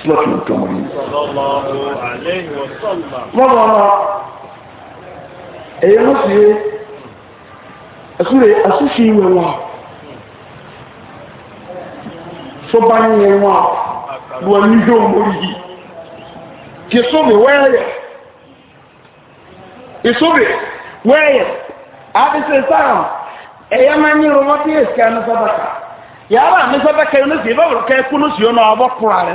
sílọ́ọ̀tì tó mọ̀ ní. wọ́n lọ ra èyí ló sì yé ẹ̀sùrè àṣìṣe ìwé wọn tó bá ń yẹ wọn lọ ní yóò mórí yìí kì í sóbì wẹ́ẹ̀yẹ̀ ìsóbì wẹ́ẹ̀yẹ̀ àbísẹ̀ sáà ẹ̀yẹ máa ń yẹ wọn tí èsì yàrá àmì sábàkà yìí ló sì yẹ bá wọ̀rọ̀ kẹ́kún ló sì yọ kúrò àrẹ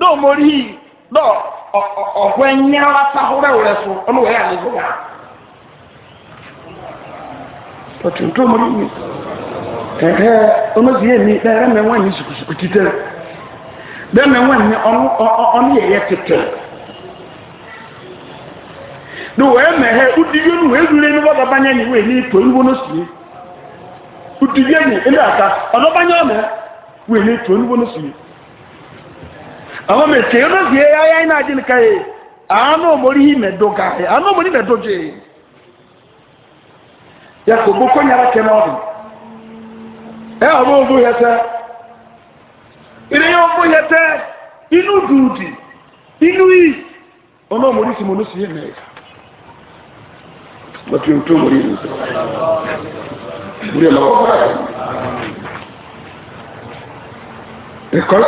dɔw mori dɔw ɔhwɛ nyɛrɛba sahore wɛrɛ so ɔno wɛrɛ ale so gaa ɔtuntun mori mi ɛhɛ mi mɛ ni sukusuku titɛ bɛɛ mɛ àwọn mẹsẹ̀ yóò sì yẹ ayé iná ajé nìkan yìí àánú òmòrí yìí mẹ́dọ́ yìí àánú òmòrí mẹ́dọ́ jẹ́ yìí yẹ kò gbó kọ́nyára náà ọ̀dùn ẹ ọ̀bọ ògbó yẹ sẹ́ ìrìnyẹ ògbó inú dùdì inú yìí òmòrí sì wọ́n lọ́wọ́ ẹ̀kọ́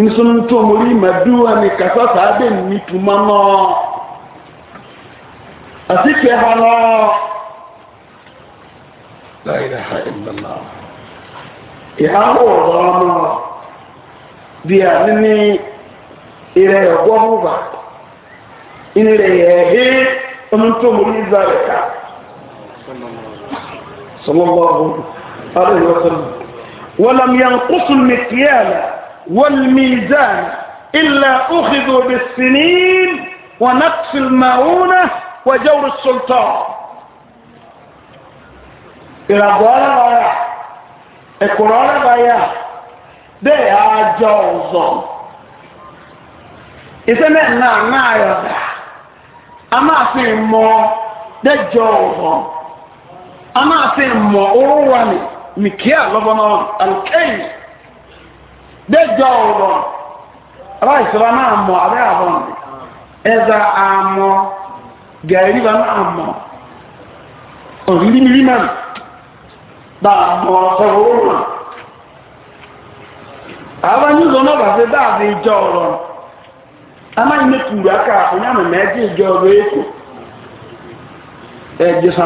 nsun tó mori maduwa ni kasa saa bẹ ni tuma nọ àti kẹ ha nọ láyìí ha ìlànà ìhà wọ̀rọ̀ nọ bíà níní ìrẹ̀ ẹ̀gbọ́ bùbà ìrẹ̀ ẹ̀hí ọdún tó mori ìzàlẹ̀ ká sọlọ́lọ́ ọdún alẹ́ ìwọ́sọ̀lọ́ wọ́n lam yàn kó sùn mẹ́tìyà náà. والميزان إلا أخذوا بالسنين ونقص الماونة وجور السلطان إلى قال بايا القرآن بايا ده أجوز إذا نحن نعيا أما في مو ده جوز أما في مو أرواني مكيا لبنان الكيس dẹjọ ọrọ ráìsìlá náà amụ abẹ́ àbọ̀n ẹ̀zà àmọ́ gẹ̀ẹ́rìbà náà mọ òrìrí mìírí mẹ́rin dààmú ọ̀sẹ̀ òwúrọ̀ àwọn yìí lọ náà bàtẹ́ dáàbò ìjọ ọrọ amáyí mẹ́tùrú aka na eji ìjọ ọrọ èkó ẹ̀jẹ̀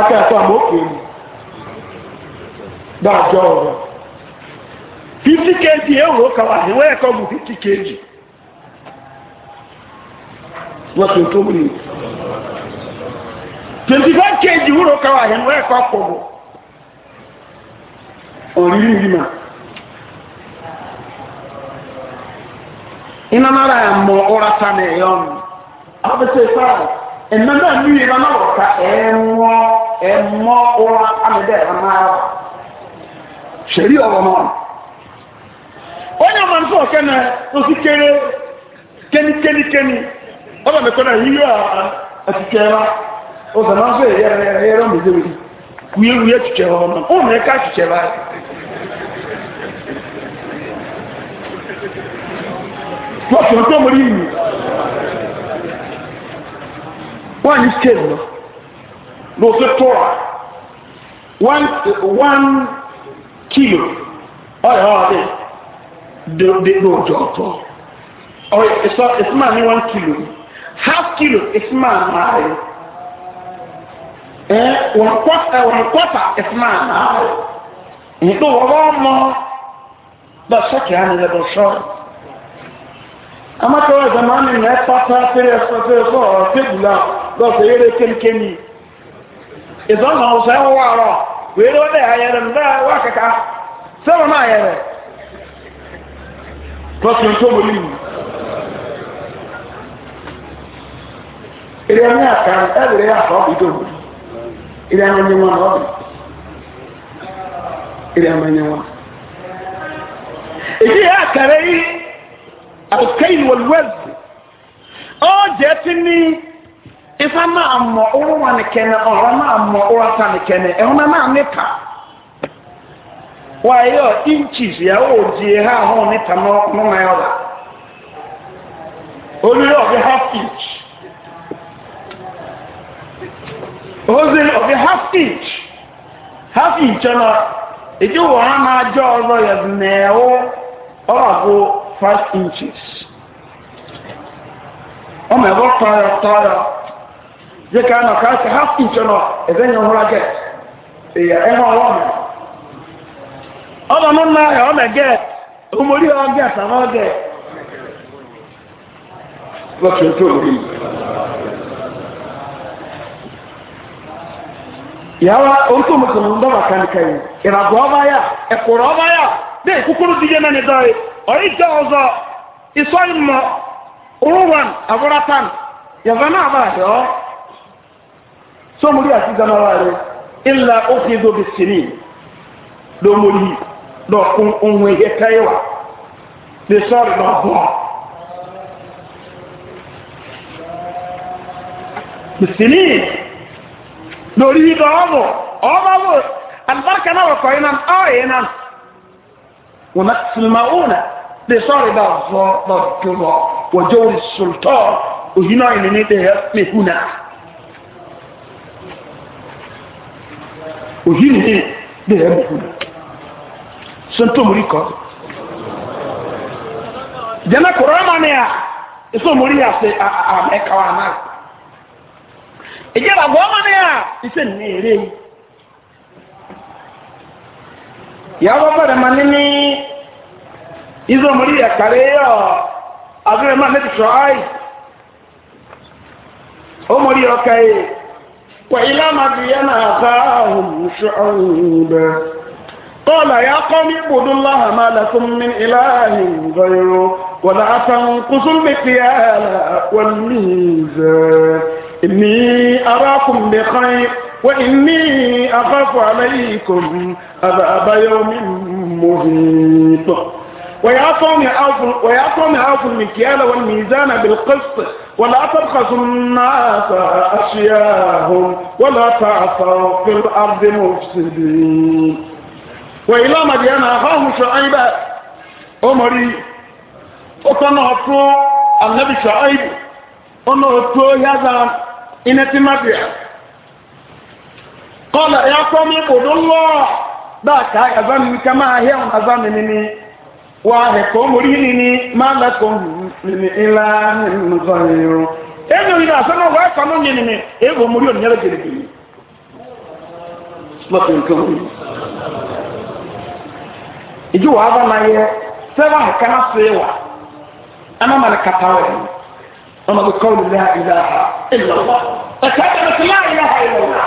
aka ẹ̀kọ́ àmọ́ òkè dájọ́ ọ̀rọ̀ 50 kg ewúro kàwà ìwé ẹ̀kọ́ bụ 50 kg wọ́n tó tó 25 kg ewúro kàwà ìwé ẹ̀kọ́ pọ̀ bù ọ̀rírí ìrìnà iná nára ẹ̀mọ̀ ọ̀rá tánà ẹ̀yọ́n abẹ́sẹ̀ sáà ẹ̀mẹ́ náà ní ìrànlọ́wọ́ ká ẹ̀mọ́ ọ̀rá àmì ṣẹ̀rí ọ̀rọ̀ náà wọ́n yà máa ń sọ kẹ́nà oṣù kéré kẹ́ni kẹ́ni kẹ́ni ọba mi kọ́nà yíyọ àti kẹ́ra o sọ náà fẹ́ yẹrẹ yẹrẹ yẹrẹ mi lé wuli wúyé wúyé tìkẹ́ ọ̀rọ̀ náà ó mẹ́ ká tìkẹ́ bá yẹ. wọ́n sọ tó mọ̀ rí mi wọ́n á one one kilo ọyọ ọdẹ dodo ọjọ ọtọ ọyọ ẹsọ ẹsọmọ ní one kilo half kilo ẹsọmọ àmàlẹ ẹ wọn kọta wọn kọta ẹsọmọ àmàlẹ nígbà wọn bọ mọ bá sọkì á nílẹ bọ sọ amakọrọ ìdámánì ní ẹ pátá fẹrẹ ẹsọ fẹrẹ ẹsọ ọrọ tẹbùlà lọsẹ eré kémkémì ìdánwò ọsẹ ń wọ àrọ were wanda ya yare nda wa kaka sama ma yare to sun to mu ni ire ni aka e ya ko bi do ire ni ni wa no ire ma ni wa eji ya kare yi al-kayn wal-wazn o je tini ifa na amọ ọrụ nwa nekene ọrụ na amọ ọrụ ata nekene ẹhụna na nita wayọ inchis ya o die ha ahụ nita n'ọnụ na ya ọla olili ọbi half inch ozili ọbi half inch half inch ọ eji wọ ha na-ajọ ọzọ ya dị na-ewu ọgụ 5 inches ọ ma ebe ọ tọrọ tọrọ je ka na ka ka half inch no ebe nyo hura get e ya e ma wo me ọba mo na ya o me get o mo ri o get na o get lo ke to ri yawa o to mo ko ndo ba kan kai ira go ba ya e ko ro ba ya de kukuru di je na ni dai o uruwan aburatan yavana ba sọmúlí àti gamawa rẹ ìlà òfin ìdóbi sínú ló mórí lọkùn ohun ẹyẹ káyẹwà lè sọrọ náà bọ. sínú lórí ìdọ ọmọ ọmọ wò alibarika náà wọkọ yìí náà ọ yìí náà wọn sinimá òun lè sọrọ náà bọ lọkùn wọn wọjọ orí sultọ òyìnbó yìí ní ẹyẹ mẹhùn òyí ni dé ẹ̀bù sọ́ntọ́mùrí kọ́ jẹ́nà kọ̀rọ̀ ọmọ ni à ìsọ́mùrí àti ẹ̀ka wa náà ìjẹ́bà bọ́ ọmọ ni à ìṣe ní èrè yìí yàwó bẹ̀rẹ̀ ma ní ní ìsọ́mùrí ẹ̀kàrẹ́ yọ àbúrẹ́ máa ní ti sọ ọ́ ọkà yìí. وإلى مدين أخاهم شعيبا قال يا قوم اعبدوا الله ما لكم من إله غيره ولا تنقصوا المكيال والميزان إني أراكم بخير وإني أخاف عليكم عذاب يوم محيط ويعطون ويعطون عوف المكيال والميزان بالقسط ولا تبخسوا الناس أشياءهم ولا تعصوا في الأرض مفسدين وإلى مدين أخاه شعيبا عمري وكان أطلو النبي شعيب أنه أطلو هذا إن مدين قال يا قوم اعبدوا الله ذاك أذن كما هي أذن مني ka mórí ní ni máa lẹ́kọ̀ọ́ ńlá nǹkan ẹ̀rọ. ẹ̀yìn òyìnbó àsọ́nà wà ẹ̀kọ́ ní yìí ni èèwọ̀ mórí òníyàrá gẹ̀rẹ́gẹ̀rẹ́. slọ́pù nǹkan wọ̀nyí. ìjú wàá bá máa yẹ sẹ́wà ẹ̀ka náà ṣe wà ẹ̀ma máa ní kàtà wẹ̀ ọmọ bí kọ́ọ̀lù lẹ́hà ìlà ìlọ́wà ẹ̀ka ẹ̀ka ẹ̀ka ìlọ́wà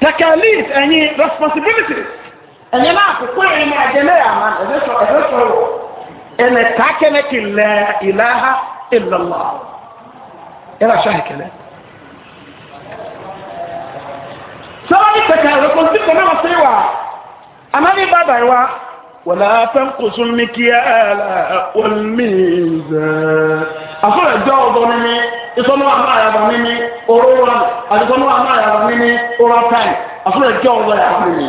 tẹ̀kálíf ẹ̀yìn responsibilities. ẹ̀yẹ́mà àkókò yẹn ni àjẹmẹ́ yà má ẹ̀fẹ́ sọ ẹ̀fẹ́ sọ wọ ẹ̀nẹ̀ kákẹ́nẹ́ kì lẹ́ ìlàhà ìlọ́lá ẹ̀rọ aṣọ àìkẹ́lẹ́. sọ́wọ́n kẹ̀kẹ́ àlọ́kọ̀ sí kọ́mẹ́ wọ́n sí wa àmàlí bàbá yìí wa wọ́lá fẹ́ǹkùsù mi kí ẹ̀ẹ́lá ọ̀lmìnzẹ́. àfọ̀rọ̀ ẹ̀jọ́ ọ̀dọ́ mímí ìsọ́nú àmà àyàbà mímí òróró àti ìsọ́nú àmà àyàbà mímí òróró táì àfọ̀rọ̀ ẹ̀jọ́ ọ̀dọ́ àyàbà mímí.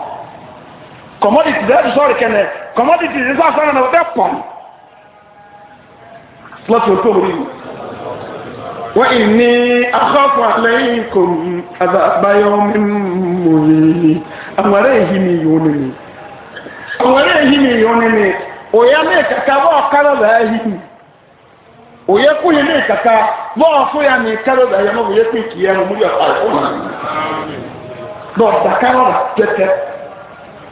commodity dẹ́ẹ̀dù sọ́ọ̀rì kẹ́nẹ̀ commodity ní sọ́ọ̀sọ́ náà wọ́n fẹ́ pọ̀n lọ́tí o tó rí wọ́n ìní akọ́kọ̀ lẹ́yìn kò àbáyọ mímú yìí àwọ̀rẹ́ èyí mi yóò ní mi ní mi òye ní kàkà bọ́ọ̀ kárọ̀ bẹ́ẹ̀ ní kàkà bọ́ọ̀ fún ya ní kárọ̀ bẹ́ẹ̀ yẹ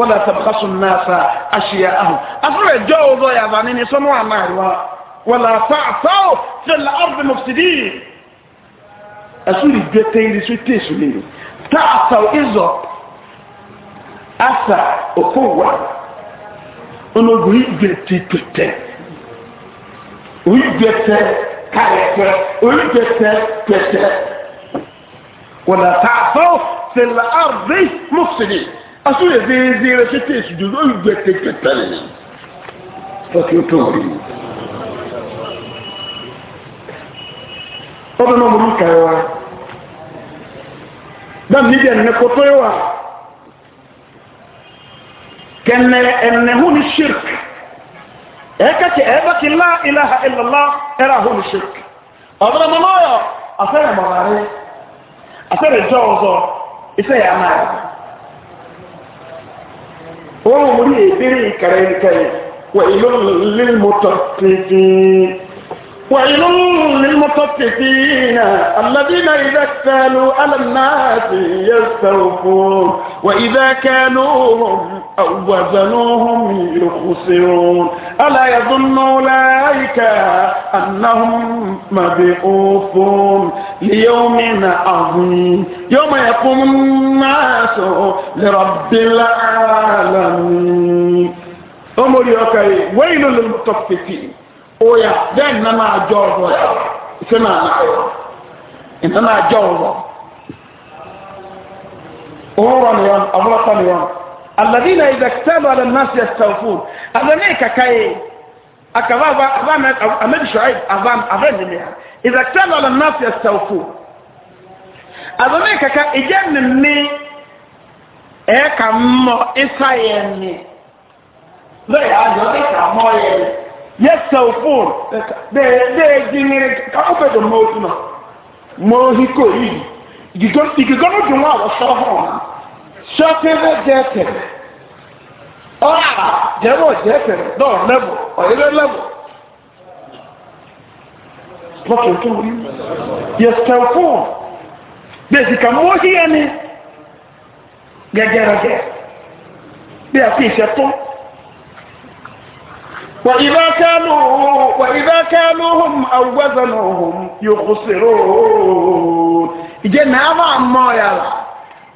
ولا تبخسوا الناس أشياءهم أفرع جو يا ظنين سموا مالوا ولا تعثوا في الأرض مفسدين أسوري جتيري سويتي سوليري تعثوا ازو أسا أقوى أنه يجري تتتت ويجري كاركتر ويجري تتتت ولا تعثوا في الأرض مفسدين Asu aso yɛ zeezeere hyete esudu oyi gbɛte gbɛte ne nam fɔki o tɔn bi ɔbɛn na ɔmo ka yɛ wa dam ni deɛ nnɛ kɔtɔ yɛ wa kɛnɛ ɛnɛ ho ni shirk ɛka kyɛ ɛba ti la ilaha illallah ɛra ho ni shirk ɔbɛn na ɔmo yɛ asɛrɛ mɔbare asɛrɛ jɔɔzɔ ɛsɛ yɛ amaa yɛ. wọ́n mú ní ebiri nkàrà nkàrà ويل للمطففين الذين إذا اكتالوا على الناس يستوفون وإذا كانوهم وزنوهم يخسرون ألا يظن أولئك أنهم مبعوثون ليوم عظيم يوم يقوم الناس لرب العالمين أمر يوكاي ويل للمطففين ويا دين نما جوزو يا سمعنا إنما جوزو أورا نيان أبرا نيان alladina idza ktabu ala an-nas yastanfun amane kakaye akaba aba amad shuaib avam avam ne idza ktabu ala an-nas yastanfun amane kaka ijen ne e ka mo isaye ne lo ya jo de ka mo ye yastanfun de de jinire ka ope do mo tuna mo hiko yi gigon gigon do wa wa so ho sọ́kẹ́rẹ́ jẹ́ẹ̀tẹ̀ ọ̀rà jẹ́wọ̀ jẹ́ẹ̀tẹ̀ náà lẹ́bù ọ̀yẹ́rẹ́ lẹ́bù lọ́kẹ̀ tó rí yẹ̀sẹ̀ fún gbèsè kà mọ́ sí ẹni gẹ́gẹ́rẹ́gẹ́ bí àti ìṣẹ́tọ́ وإذا كانوا وإذا كانوهم أو وزنوهم يخسرون إجينا ما أمو يلا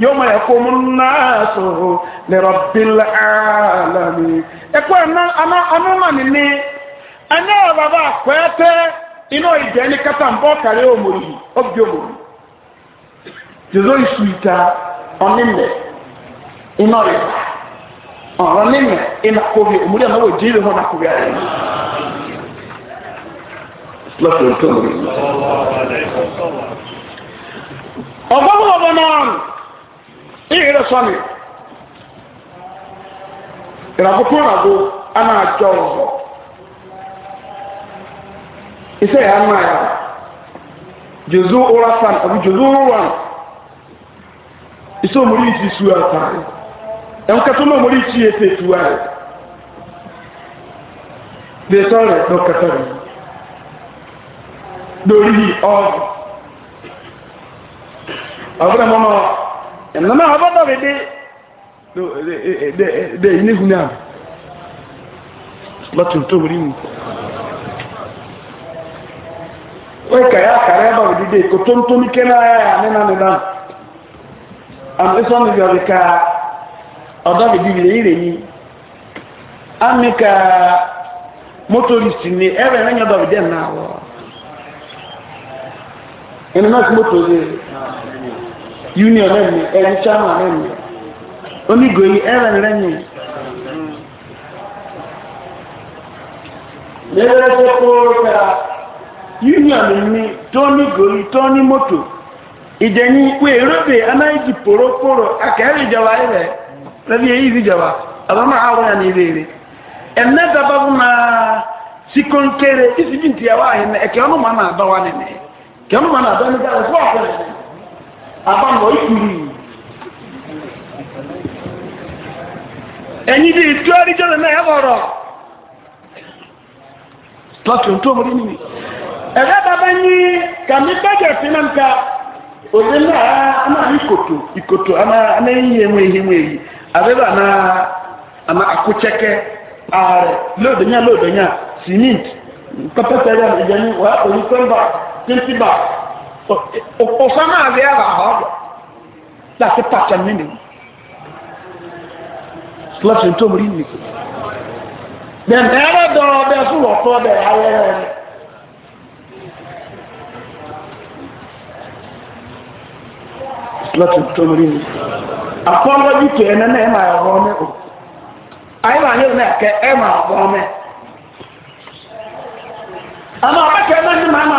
يوم يقوم الناس لرب العالمين ẹkọ ẹna ana anuma nini ẹna baba akwẹtẹ iná ìjẹ ní kata mbọ kàrí òmòrì ọbí òmòrì jòzó isu ìta ọ̀nìmẹ̀ iná ìta ọ̀nìmẹ̀ iná kóbi òmòrì àná wò jí ìlú hàn àkóbi ìrẹ sọmi na ìràgó a máa jọ ọ̀rọ̀ iṣẹ́ ìhà máa yà jòzó ọ̀rá fan àbí jòzó ọ̀rá iṣẹ́ òmòrí ìtì su àtàrí ẹnkẹtọ́ náà òmòrí ìtì ètè tu àrẹ dètọ́ rẹ̀ lọ́kẹtọ́ rẹ̀ lórí ọ̀rọ̀ àbúrò mọ́nà ɛnam a ɔbɛdɔ bi de de de ne hu na ba tuntum ri mu wɔyɛ kaya kara ɛba bi de de kotontom kɛnɛ ayɛ a ne na ne na am esɔn ne bi ɔbi ka ɔdɔ bi di bi de yi de yi ami ka motorist ni ɛbɛn ne nyɛ dɔ bi de na awɔ ɛnam a ti motorist. union ẹni ẹni chairman ẹni onígòyí ẹran lẹ́yìn. lẹ́yìn tó kó ra union ni tó nígòyí tó ní mọ́tò ìjẹ̀yìn ìpè èròbè anáyìí pòròpòrò akẹ́rẹ́ ìjọba rẹ̀ lẹ́bi èyí ìjọba àbámọ́ àwọn fún sikonkere àyẹ̀mẹ́ ẹ̀kẹ́ ọ̀nùmọ̀ náà bá wà kẹ́ ọ̀nùmọ̀ náà bá nígbà fún àpẹẹrẹ. àbámọ̀ ìkùrù ẹ̀yìn bí ìtú ẹ̀ríjọ́ rẹ̀ náà ẹ̀bọ̀rọ̀ lọ́tún tó mọ̀rí nìyí ẹ̀rẹ́ bàbá ní kàmí bẹ́jẹ̀ sí náà nǹka òde náà náà ní kòtò ìkòtò àmà ẹ̀yìn ẹ̀mú ẹ̀yìn ẹ̀yìn àbẹ́bà náà àmà àkúchẹ́kẹ́ ààrẹ lóòdònyà lóòdònyà cement pẹ́pẹ́pẹ́ rẹ̀ ọ̀sán náà bí ẹ̀rọ àwọn ọ̀dọ̀ láti pàtàkì nínú lọ́sùn tó mú rí nìkú bẹ̀rẹ̀ ẹ̀rọ dọ̀rọ̀ ọbẹ̀ fún ọ̀tọ́ ọbẹ̀ awọ́rọ̀ rẹ̀ lọ́sùn tó mú rí nìkú àpọ́nlọ́jú tó ẹ̀nà náà ẹ̀mà ẹ̀rọ ọmọ ẹ̀kọ́ ayé wà ní ẹ̀kẹ́ ẹ̀mà ẹ̀rọ ọmọ ẹ̀ àmọ́ ọ̀pẹ̀kẹ́ náà ní màmá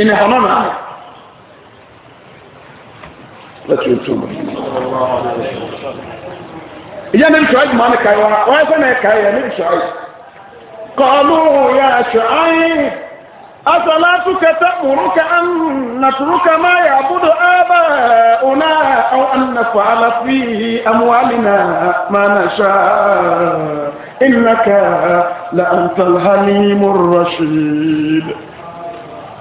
إن حمامة لا تنتم إذا نبي شعيب ما نكاي وانا وعيسى نكاي يا نبي شعيب قالوا يا شعيب أصلاتك تأمرك أن نترك ما يعبد آباؤنا أو أن نفعل فيه أموالنا ما نشاء إنك لأنت الحليم الرشيد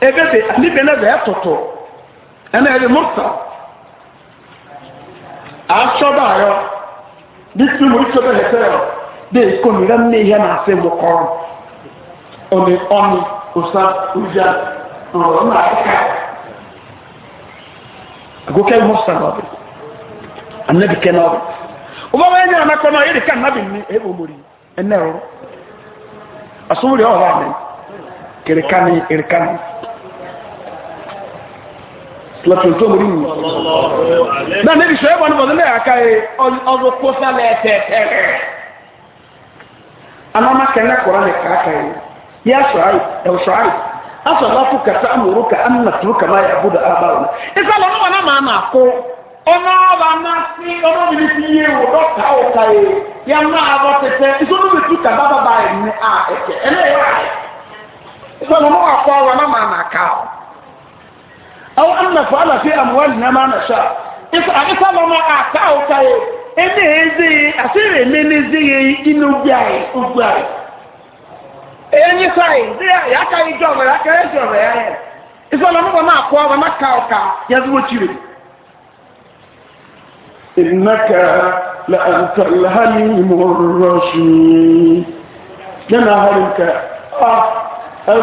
ebe de nibe na bɛɛ toto ene ɛde musa asɔ baayɔ bi tu mu itso bɛ hɛsɛ de ekomi rɛ mme yɛ na ase mu kɔrɔ ɔmi ɔmi osa udza ɔrɔ na aka agoke musa na ɔbi anabi kɛ na ɔbi ɔba wɔn nyɛ ɔna kɔ na ɔyɛ de ka anabi mi ɛyɛ e omori ɛnɛ ɔrɔ asomori ɔrɔ amɛ kirikani kirikani lọ́tún tó mú yìí. náà níbi sọ ébọn níbọn nílẹ̀ àká yẹ ọdún kó sálẹ̀ tẹ̀tẹ̀rẹ̀. anamá kẹ́ńgá kọ́ra ní kàákà yẹ yà sọ àyè ẹ̀wọ̀ sọ àyè asọ aláfo kàtà amòrò kà á nà tó kàmá yà bó da àbá wọn. ìsọ lọ níwọ̀n náà máa nà kó ọmọ ọba náà sí ọmọ mi ti yé wò dọ́kà ọ̀kà aw an na fa'ala fi amwalina ma nasha isa isa ma ma aka aw kai ene ezi asiri me ne ziye inu biai ugbai enyi sai dia ya kai jobe ya kai jobe ya ya isa na mo ma akwa ma maka oka ya zuwo chire innaka la anta al-halimur rashid yana halinka ah al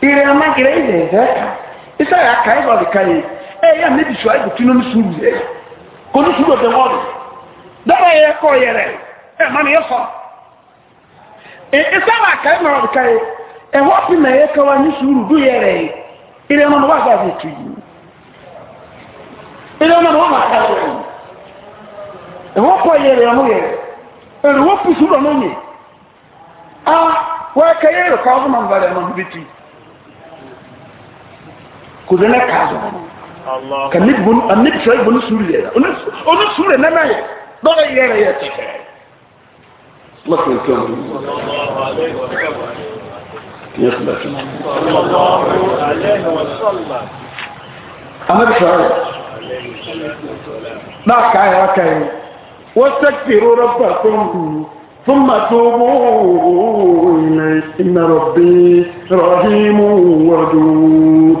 ìrìn àmà ìrìn ìrìn ìrìn ẹ̀ka iṣẹ́ yà ká ẹ̀fọ́ àbíká yìí ẹ̀ yà méjì sọ ẹ̀kú tún ní sùúrù yẹ kò ní sùúrù ọ̀dẹ̀ wọ́ọ̀dù dábàá yẹ kọ́ yẹrẹ ẹ̀ má ni yẹ sọ iṣẹ́ yà ká ẹ̀fọ́ àbíká yìí ẹ̀họ́ pín náà yẹ kọ́ wa ní sùúrù dú yẹrẹ ìrìn àmà wà gbà ètò yìí ìrìn àmà wà gbà ètò yìí ẹ̀họ́ kọ́ yẹrẹ ọ̀hún yẹrẹ ẹ̀rù wọ́n pù sùúrù ọ̀hún yẹ kòzẹ́lẹ́ kààzọ̀ kàníbìsọ̀ ìbò ní sùúrù yẹ oní sùúrù yẹ nẹ́nà yẹ lọ́rọ̀ yẹ rẹ̀ yẹ tẹ̀tẹ̀ lọ́kọ̀ ìkẹ́ ọ̀hún yẹ kí lọ́kọ̀ anábìsọ̀ rẹ̀ náà káyà káyà wọ́n sẹ́kìrì rọ́bà tó ń dùn ثم توبوا إليه إن ربي رحيم ودود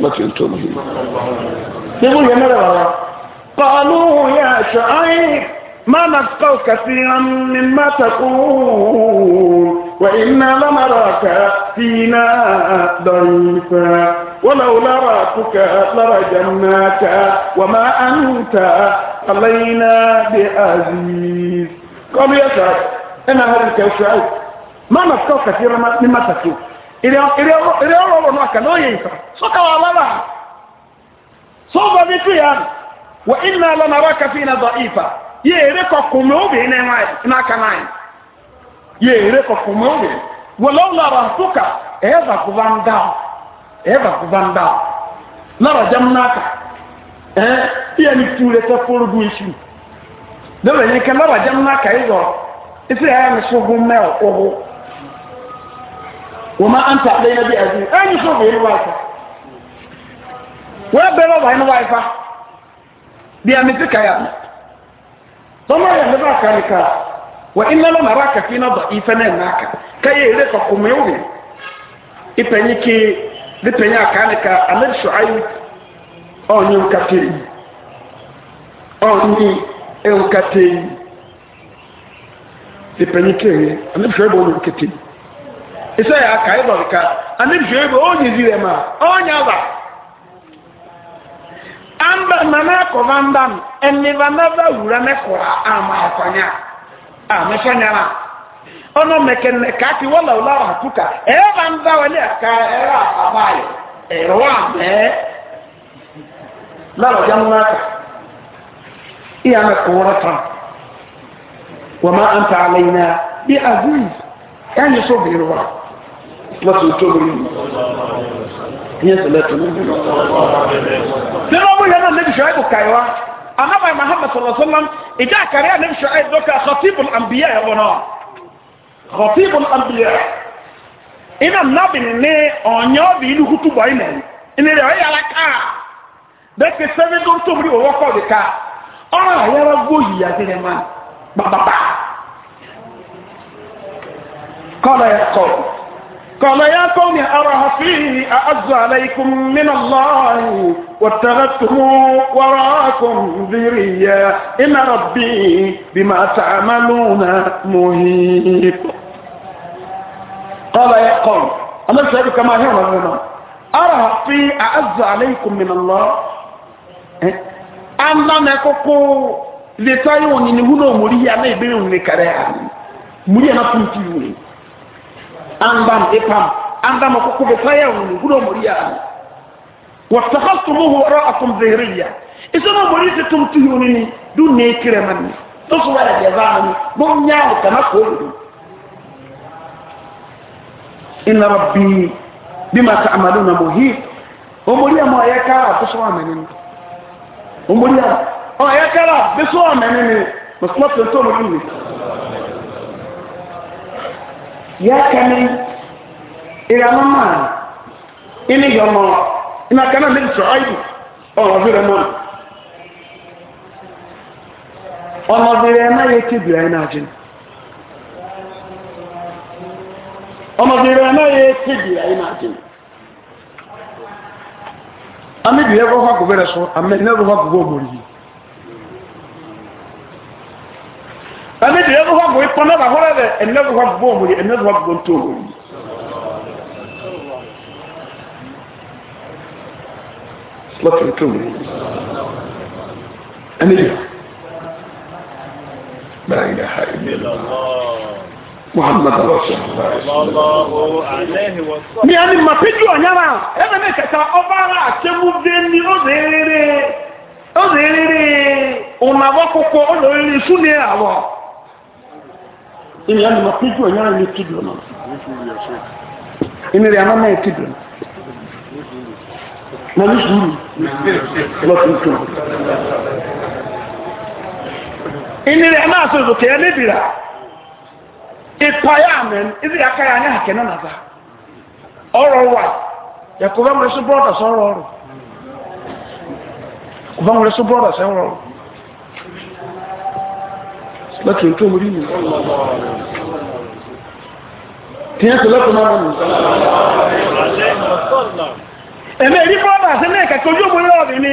وكنتم يقول يا مرة قالوا يا شعيب ما نفقه كثيرا مما تقول وإنا لنراك فينا ضعيفا ولو لراتك لرجمناك وما أنت علينا بعزيز قالوا يا شعيب أنا هذا الكشعيب ما نفقه كثيرا مما تقول ere ọrụ ọrụ n'aka na onye nsa sọka wa lara sọba bi ya wa inna ala na raka fi na ifa ya ere kọkụ ma obi na enwe n'aka na ere kọkụ ma obi wala ụlọ ara ntụka eva kuba nda eva kuba n'aka ee ya foro wọ́n á ń ta àlẹ́ yẹn bí ẹ̀sìn ẹ̀yìn sọ̀rọ̀ yẹn wá ẹ̀fà wọ́n bẹ̀rẹ̀ wà yẹn wá ẹ̀fà bí a mi ti kà yà mí tọ́mọ yẹn lọ́ba kàrí ká wà iná lọ́nà ara kàfi iná bọ̀ ìfẹ́ náà nà áka káyé eré kọ̀kọ́ mi ò rìn ìpẹ̀yì kí ìpẹ̀yì àkàrí ká alẹ́ sọ ayé ọ̀nyìn kàtẹ́yì ọ̀nyìn ịsa ya aka ịbọrọ ka anyị jụọ ebe o nyeziri ma onye ọba amba na na-akọba mba m eniba naba wura mekọrọ ama akwanya a mefanya na ọnụ mekene ka ati wala ụla ọha tuka ebe mba wele aka ere abalị ịrụwa mee lọrọ ya nwa aka iya mekọwara taa wama anta alaina bi aziz yanyi so bi ịrụwa lọ́sùn tó lórí ní ẹsẹ̀ lẹ́tọ̀ lórí. nínú ọmọ yẹn náà lẹ́bi ṣọ́ ẹ̀kọ́ kàìwá anábàá mahamad sọlọ́sọ́lá ìjà àkàrẹ́ àlẹ́bi ṣọ́ ẹ̀ dọ́kà xọtíbùl àmbíyá ẹ̀ wọ̀nà xọtíbùl àmbíyá iná nàbìn ní ọ̀nyọ́bì ìlú kútùbọ̀ ìmẹ̀ ìnira ọ̀yàrá káà bẹ́ẹ̀ ti sẹ́ni tó ń tóbi òwò kọ́ ọ̀dì káà ọ̀rọ̀ àyàrá gbóyè àdìrẹ́ máa bàbàbà kọ́lá yẹ kọ́lá. قال يا قوم أرى فيه أعز عليكم من الله واتخذته وراءكم ذريا إن ربي بما تعملون مهيب قال يا قوم أنا سألت كما هي ربنا أرى في أعز عليكم من الله أنا نكوكو لتايوني نهونو مريا نبيرون نكريا مريا نفنتيوني ambam ipam ambam koko bɛfaya wulu gudo mori ya wastakhaltumuhu wara'akum zahiriya isono mori te tum tuyuni du ne kire man to so wala je zamani bon nyaaw kana ko du inna rabbi bima ta'maluna muhit o mori mo ya ka to so amani ya o ya ka be so ni yakani iramama ini yomo ina kana ni ọmọ vire na ye ti ina ọmọ vire na ye ina jin ami bira ko fa so ami ne ko fa ɛne deɛ ɛno hɔ bo ipɔ na ba hɔrɛ dɛ ɛnɛ bo hɔ bo omori ɛnɛ bo hɔ bo nto omori lɔtɔ nto omori ɛne deɛ bɛrɛ yɛ ha ɛne deɛ muhammad rasulillah ni ani mapeju ɔnyara ɛna ne kɛkɛ ɔbaara atemu deni ɔzɛrere ɔzɛrere ɔnabɔ koko ɔzɛrere sunni awɔ. ini yani mapigo wenyewe ni kidogo na ini na kidogo na nzuri na kidogo ini yana so zote ya nibira ipayamen izi akaya naza wa láti tó mú rí mi tí yẹn tó lọ́pọ̀ máa mú ẹ̀mẹ́ ìdí bọ́ọ̀bà sí ní ẹ̀kẹ́kẹ́ ojú òmúrí ọ̀dì ni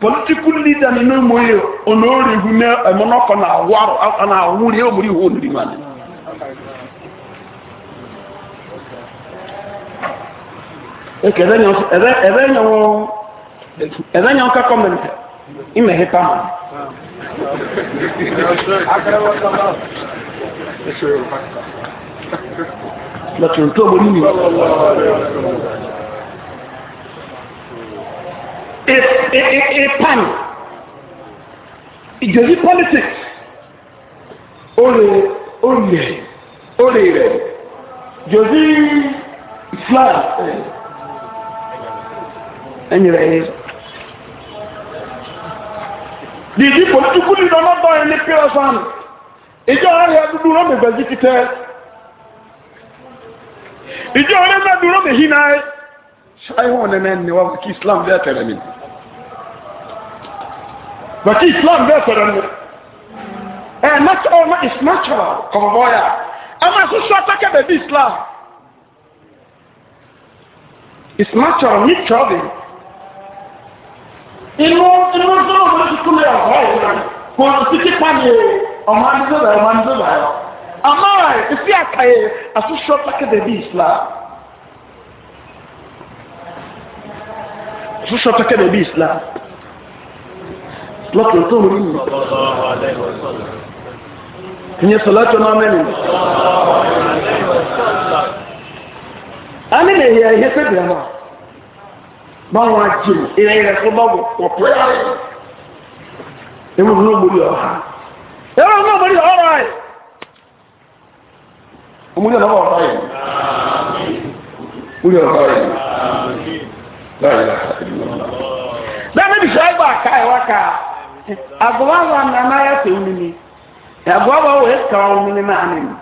political leader nínú mú yìí olóòrì ihu ní ẹ̀mọ́nọ́kọ̀ náà ìmẹ̀hẹ́pá lọ́tún tó mú nínú ìpàn ìjọ̀rí politics orí ẹ̀ orí rẹ̀ jọ̀rí islam ẹ̀yìn rẹ̀ dìdí pòlítíkù nìdọ́ náà bá ẹni pé ọ̀sán ìjọ ààrẹ dúdú rọ́mì bẹ̀jì kìtẹ́ ìjọ ààrẹ dúdú rọ́mì hì náà ṣáìwọ̀n nẹ́nẹ́ ni wọ́n kí islam bẹ́ẹ̀ tẹ̀rẹ̀ mi bàtí islam bẹ́ẹ̀ tẹ̀rẹ̀ mi ẹ̀ natural ma is natural kọ̀ọ̀bọ̀ yà a máa sọ sọ atákẹ́ bẹ̀bí islam is natural ní chọ́ọ̀bì inú inú sọ́ọ̀bù wọn titi kpanye ọmọ adigun bẹrẹ ọmọ adigun bẹrẹ amara efi akaye asosọ pake bẹbi islam asosọ pake bẹbi islam lọtọ tó lórí mi ìyẹn sọlá tó náà mẹnu ani na ehiya ehiya pẹbi ẹ ma báwọn ajé ìrẹyìn rẹ fún báwọn ewu ní omori ọha ewu ní omori ọrọ ẹ omori ọlọpàá ọba yẹn omori ọlọpàá yẹn láyé bẹẹni bisọ ẹgbà ká ẹ wá ká agọba wa nana ya tẹ omi ni agọba wa wọ ẹka wa omi ni naani ni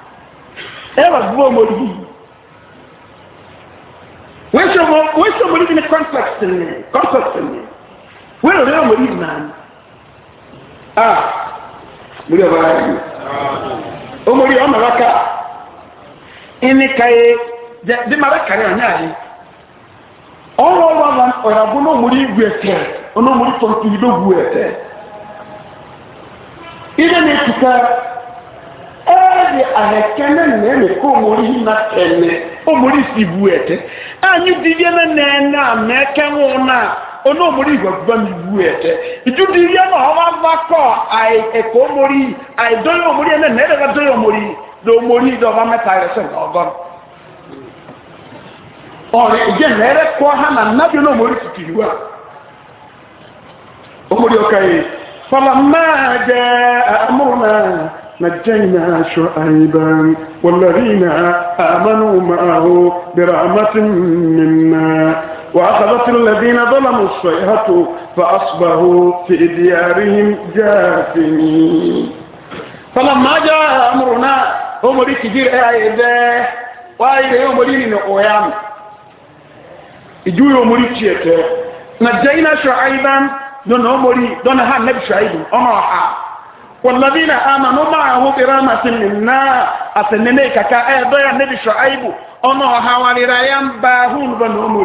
ẹ wà gbọ omori yìí wọ́n ṣe omori bi ni kọ́ńtàkì a ah, muri ọba ya yi o muri ọ mara ka ịnị ka ye dị mara karịa anya anyị ọrụ ọrụ ọla ọra bụ na ọmụrụ igwe ete na ọmụrụ tọntụ ido gwu ete ihe na-etuta na-eme ka ọmụrụ omori na tɛnɛ omori si bu ɛtɛ anyi didi na nɛɛ na mɛkɛ ŋun na. ono omori igwagwa mi wu ete iju di ri ama ọba mba kọ ayi ẹkọ omori ayi dọyọ omori ẹnẹ nẹ ẹdẹ bẹ dọyọ omori dọ Mori. dọ ọba mẹta ẹsẹ ní ọgọrọ ọrẹ ẹjẹ nẹ ẹrẹ kọ ha na nnabio na omori tutu iwu a omori ọka yi fọlá mmaa jẹ amúrú náà. نجينا شعيبا والذين آمنوا معه برحمة منا وأخذت الذين ظلموا الصيحة فأصبحوا في ديارهم جاثمين فلما جاء أمرنا هم دي كجير أيضا وأيضا هم دي نقويام إجوي هم دي تيتا نجينا شعيبا دون هم لي دون ها نبي شعيب أمرها والذين آمنوا معه برامة منا أتنميك كأيضا نبي شعيب أمرها ولرايام باهون بن هم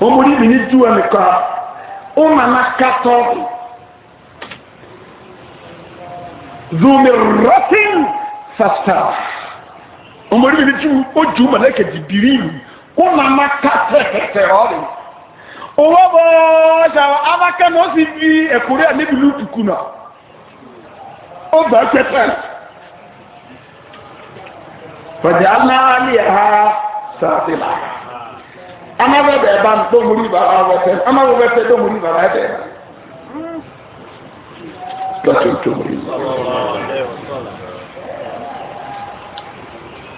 ni omuli mini duwa mikoa uma nakato dhumiratin fasta omuli mini ju oju maleke dibirilu uma nakato teori owa bo sawa abaka no si bi ekure ani bi lutuku na o ba pepe fajalna aliha safila ama bɛ bɛn ban dɔn muli ba a bɛ fɛ ama bɛ bɛ fɛ dɔn muli ba a bɛ ban lati o to muli ba.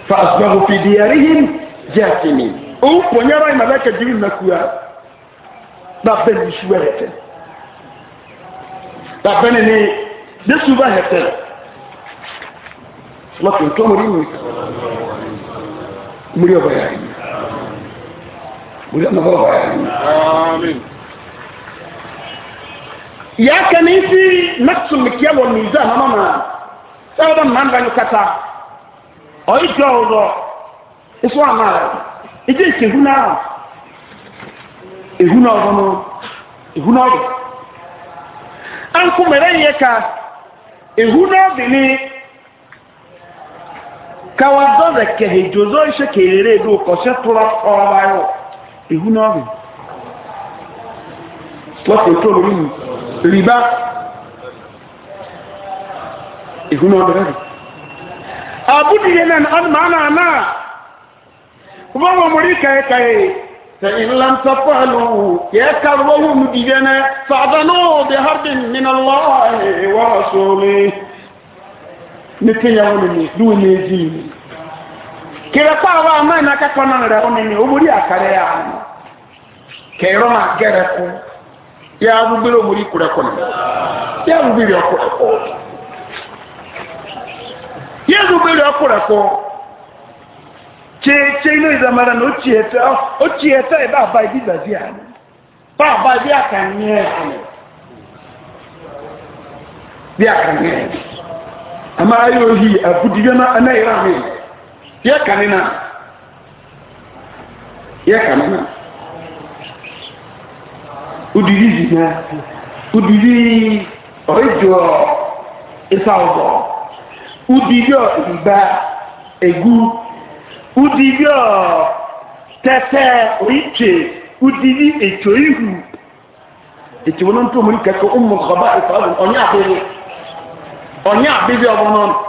fa asubahu fi diyarihim jaasimi o kɔnyara ma bɛ kɛ jiri na kuya ba bɛ ni su wɛrɛ tɛ ba bɛ ni ni ne su ba hɛ tɛ lati o to mi muli o bɛ yari mi. ya ka na isi maksul mikiya wa mizan hama na tsawon man da kata o iji ọzọ isu amara ije ike huna ehuna ọzọ no ehuna ọzọ an ka ehuna ọzọ ni kawadọ da kehejozo ishe kerere do kọsẹ tura ọrọ ìhun náà rè lọ́pọ̀ tó lórí mi rìbá ìhun náà rẹ̀ rè àbúdìyẹ náà ọdún máa náà náà wọ́n wọ́n mú rí kẹ́kẹ́ فإن لم تفعلوا يكرههم بدنا فأذنوا بحرب من الله ورسوله نتيجة ولمي دون يجيني kìrẹ́pà wa ọmọ ẹ̀ n'akẹ́kọ̀ọ́ náà rẹ̀ ọ́ nínú omori àkàrẹ́ yà á kẹ̀rọ náà gẹ̀rẹ́ kú yà á gbúgbèrè omori kúrẹ́ kọ́ nà yà á gbúgbèrè ọkùrẹ́ kọ́ yà á gbúgbèrè ọkùrẹ́ kọ́ tse ilé ìzamara na otsi ẹtẹ otsi ẹtẹ ẹ bá ba ibi gbàdí àná bá ba ibi àkànyẹ àná bí àkànyẹ àmà ayé òhì àbùdíjọ́ náà ẹ̀ náà yẹ yɛ kane na yɛ kane na udiri zina udiri ɔrejɔ isawubɔ udiri ɔriba egu udiri ɔtɛtɛ oitwe udiri etso ihu etso wọn tó mu ní kẹkẹ ọmọ kọba ìfọwọ́ ọnyá abiri ọnyá abiri ọmọ náà.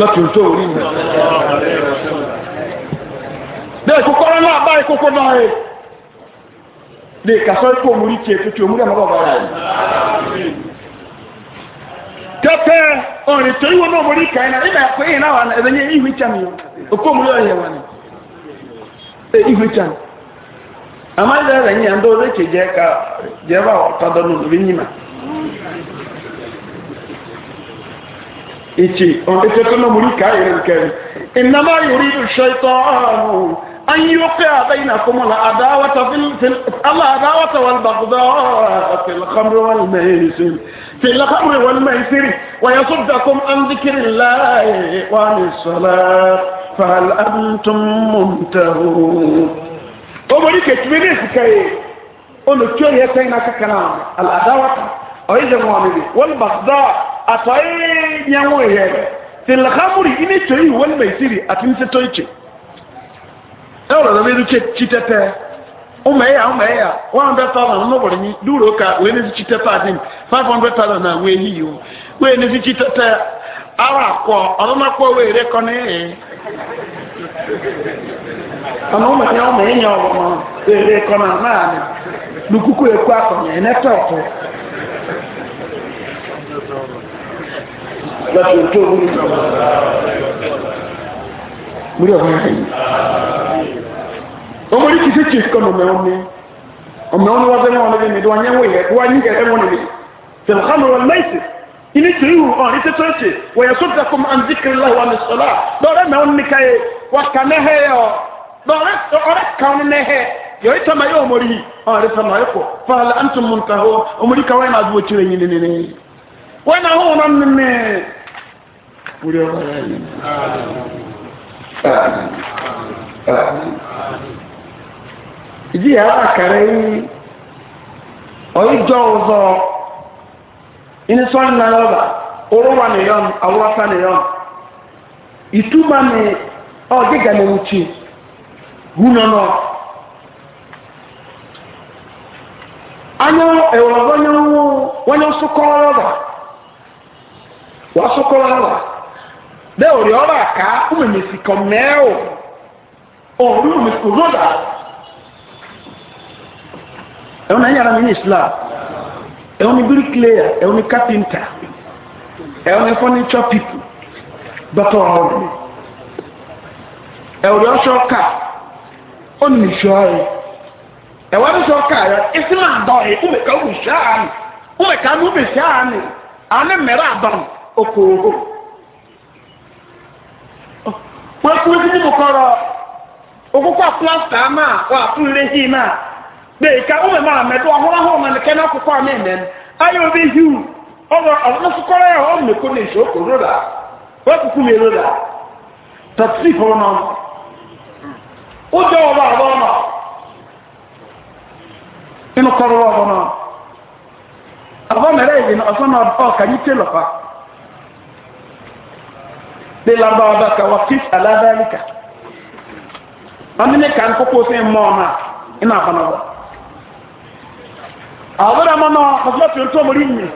lọ́tún tó orí mi. bẹ́ẹ̀ kó kọ́rọ́ náà báyìí kókó náà rẹ̀ lè kàṣọ́ ikú òmùrí tiẹ̀ tuntun òmùrí àmọ́ bàbá rẹ̀. kẹ́kẹ́ ọ̀rìn tó yíwọ́ náà mórí kàyìn náà ìgbà pé ìyìn náà wà ní ẹ̀bẹ̀yẹ ihu ìjà mi o òkú òmùrí ọ̀yẹ̀ wà ní ihu ìjà mi. àmọ́ ìlera rẹ̀ yìí à ń dọ́ ọ́ lẹ́kẹ̀ẹ́ jẹ́ ká jẹ́ bá ọ̀tọ́ dọ́nù lórí yìí mà ichi oneketuna murika yenkeri inama yuridu shaitanu an yuqia bainakum al adawata fil al adawata wal baghdha fil khamr wal maisir fil khamr wal maisir wa yasuddakum an dhikrillahi wa anis salat fahal antum muntahun omurike tibene sikaye ono kyo yetaina kakana atɔye nyanwo yɛ tilihamuri ini tɔyi wɔli mɛsiri ati nse tɔyi tse ɛwɔlɔ dɔ bɛ du tsi tɛtɛ ɔmɛ yà ɔmɛ yà one hundred thousand n'obɔlɔ nyi duuro ka wòye ne fi tɛtɛ adi five hundred thousand na wòye yiyi o wòye ne fi tɛtɛ awa kɔ rɛ ɔmɛ ɔmɛ yɛ nyɛ na akɔ láti ojú òun múlẹ̀ ọ̀hún ẹ̀yìn ọmọ ní kìí ṣe kọ́ ọmọ ẹ̀wọ̀n mi ọmọ ẹ̀wọ̀n wọn bẹ́ẹ̀ wọn lé mi wọn yẹn wọ ìyẹn wọn yín ẹ̀rẹ́ wọn lé mi tẹ̀lé hàn wọn lẹ́sì ilé tí ìhù ọ̀hún ní tẹ́tọ́ ẹ̀ṣẹ̀ wọ́n yẹ sọ́dọ̀ kọ́ máa ń zikiri láì wà ní sọ́lá lọ́rẹ́ mẹ́wọ́n ní káyé wà kà mẹ́hẹ́ yọ lọ́rẹ́ kàn ní mẹ́hẹ́ yọ ìtọ́ ma yóò mọ̀rí ọ̀hún rẹ̀ sọ́mà ẹ̀kọ́ fàlà àǹtí mùntàhó ọmọdé kàwé náà dúró tirẹ̀ yín nínú wọ́n náà hó wọn nínú orí ọmọ rẹ̀ yìí ìdí yàrá kàrẹ́ yìí ọ̀yíjọ́ ọ̀zọ́ inú sọ́ọ̀nì náà yọ̀ọ̀bà orúwà nìyọ̀n awúrọ̀sá nìyọ̀n ìtumá ni ọ̀gígà ní wùchí húnọ̀nọ̀ anyọ ẹ̀wọ̀n wọ́nyẹ́ sọ́kọ́ sọ́kọ́ bẹ́ẹ̀ ò rí ọ̀rọ̀ àká ọmọ èmèsì kan mẹ́ọ̀ ọ̀rọ̀ èmèsì kò rọ́dà ẹ̀wọ̀n náà yàrá mi ní islam ẹ̀wọ̀n ní bíríkìlẹ́yà ẹ̀wọ̀n ní kápẹ́ntà ẹ̀wọ̀n ní fọ́nìṣọ́ pípù dọ́tọ̀ ọ̀rọ̀ ẹ̀wọ̀n ní ọ̀ṣọ́ ká ọ̀nà ìṣọ́ọ̀rẹ́ ẹ̀wọ̀n ní ọ̀ṣọ́ ká ẹ̀sìn àdọ̀rẹ́ ọmọkà ọmọ ìṣọ́ àánì ọmọkà ọmọ ìṣọ́ àánì àánì mẹ́rẹ̀ àdọ̀rẹ́ okòòrò wọ́n kú sí ní kòkòrò òkúkọ̀ plásítà máa wà fún léṣì máa gbé ìka ó mẹ́mọ́ àmẹ́tọ́ ahọ́rọ́họ́ ọmọ nìkẹ́ náà kókó àmì ìmẹ́nu ayé obi hiu ọmọ ọ̀nà kókòrò yẹn ọmọ nìkó ní ìṣó kò rọ́dà wọ́n kúkú mi rọ́dà tọ́tí kọ́ náà ó ọba inú ọba náà dila baba ka wa kif ala dalika amine kan ko ko sen na ina bana wa awara ma ko so to mori ni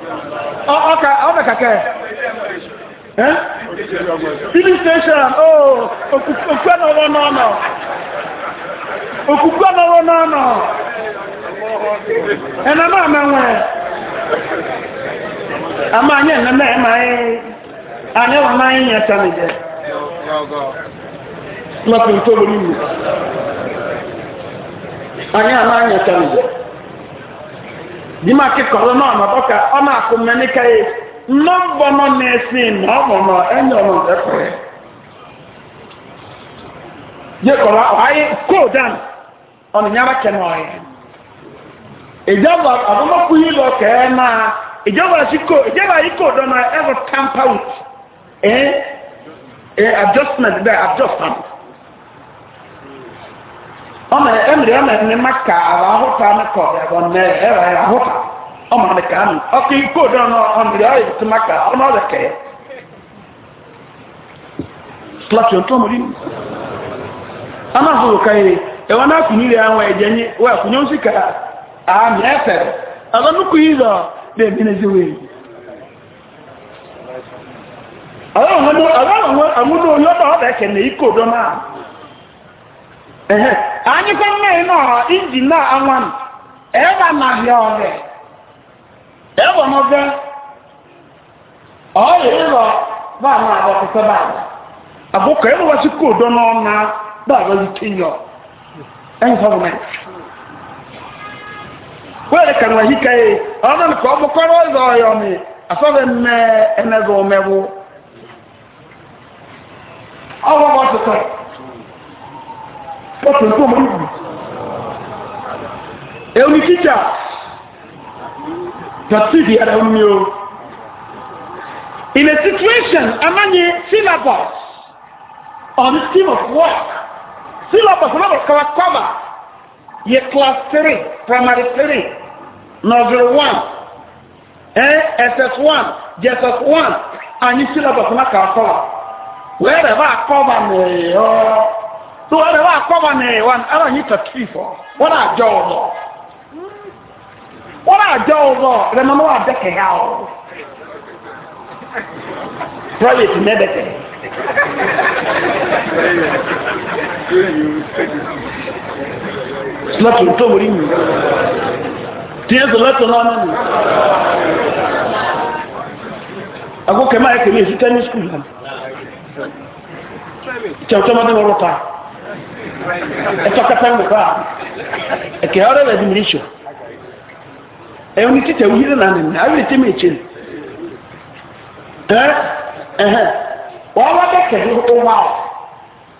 o o ka o ka ke. eh filling station oh o ku eh, na ka no o ku ka no no ena ma eh. anyị ama máa ń yàn ẹ̀ta mi jẹ lọ́pì tó lórí mi àní wọn máa ń yàn ẹ̀ta mi jẹ dìímà kíkọ̀ ọ̀rọ̀ náà ọ̀nà bọ́kà ọ̀nà àkùnmẹ́ ní káyé nọ́mbọ̀ náà ní ẹ̀sìn náà ọ̀nà Eh? eh adjustment there adjustment ọmọ ẹmìrì maka àwọn ahọ́ta ní kọ̀ọ̀dọ̀ ẹ̀gbọ́n ní ẹ̀rọ ẹ̀rọ ahọ́ta ọmọ ẹni kàá mi ọkọ ikú maka ọmọ ọ̀dọ̀ kẹ̀yẹ. slọtì ọ̀tọ́ ọmọdé mi ọmọ àfọwọ́ káyé ẹ̀wọ̀n náà kùn nílẹ̀ àwọn ẹ̀jẹ̀ yín wọ́n ẹ̀kùn yóò ka kà á mi ẹ̀fẹ̀rẹ̀ àwọn olóyọ́dọ̀ ọ̀dọ̀ ẹ̀kẹ̀ ní ikò dọ́ náà ẹ̀hẹ́ anyịkọ mmiri náà náà anwan ẹ̀wà nàhịa ọ̀rẹ́ ẹ̀wà n'ọbẹ̀ ọ̀rẹ́ ịrọ̀ báà náà bọ̀ kẹsẹ̀ báà àbúkọ̀ ẹ̀rọ wá sí kò ọ náà náà ọwọ́ wọn ti sọ wọ́n tó ń tó mọ́ níbi èyí ni kíkà ara ń mi in a situation amanye syllabus on the scheme of work syllabus lọ́wọ́ kọ́wá kọ́wá yẹ class three primary three nursery one eh ss one jss one anyi syllabus náà kà á wẹ́rẹ̀ bá kọ́ba nìyọ́ tó wẹ́rẹ̀ bá kọ́ba nìyọ́ ara yìí tà tì fọ́ wọ́n náà jọ ọ̀dọ̀ wọ́n náà jọ ọ̀dọ̀ rẹ̀ mọ́ náà dẹ́kẹ̀ yá ọ̀ private mẹ́dẹ̀kẹ̀. Slọ́tù tó wòrí mi. Tí ẹ́ sọ̀lọ́tù náà nínú. Àgókè máa ẹ̀kẹ́ ní èsì tẹ́ní skúl náà kyɛ ɔtɔmɔ de wɔrɔ pa ɛtɔ kata mu pa ɛkɛ ɔrɛ lɛ de mi nso ɛyɛ ni tita wuyere na nina awi ne tɛmɛ ekyir ɛɛ ɛhɛ wɔn wa bɛ kɛ o awo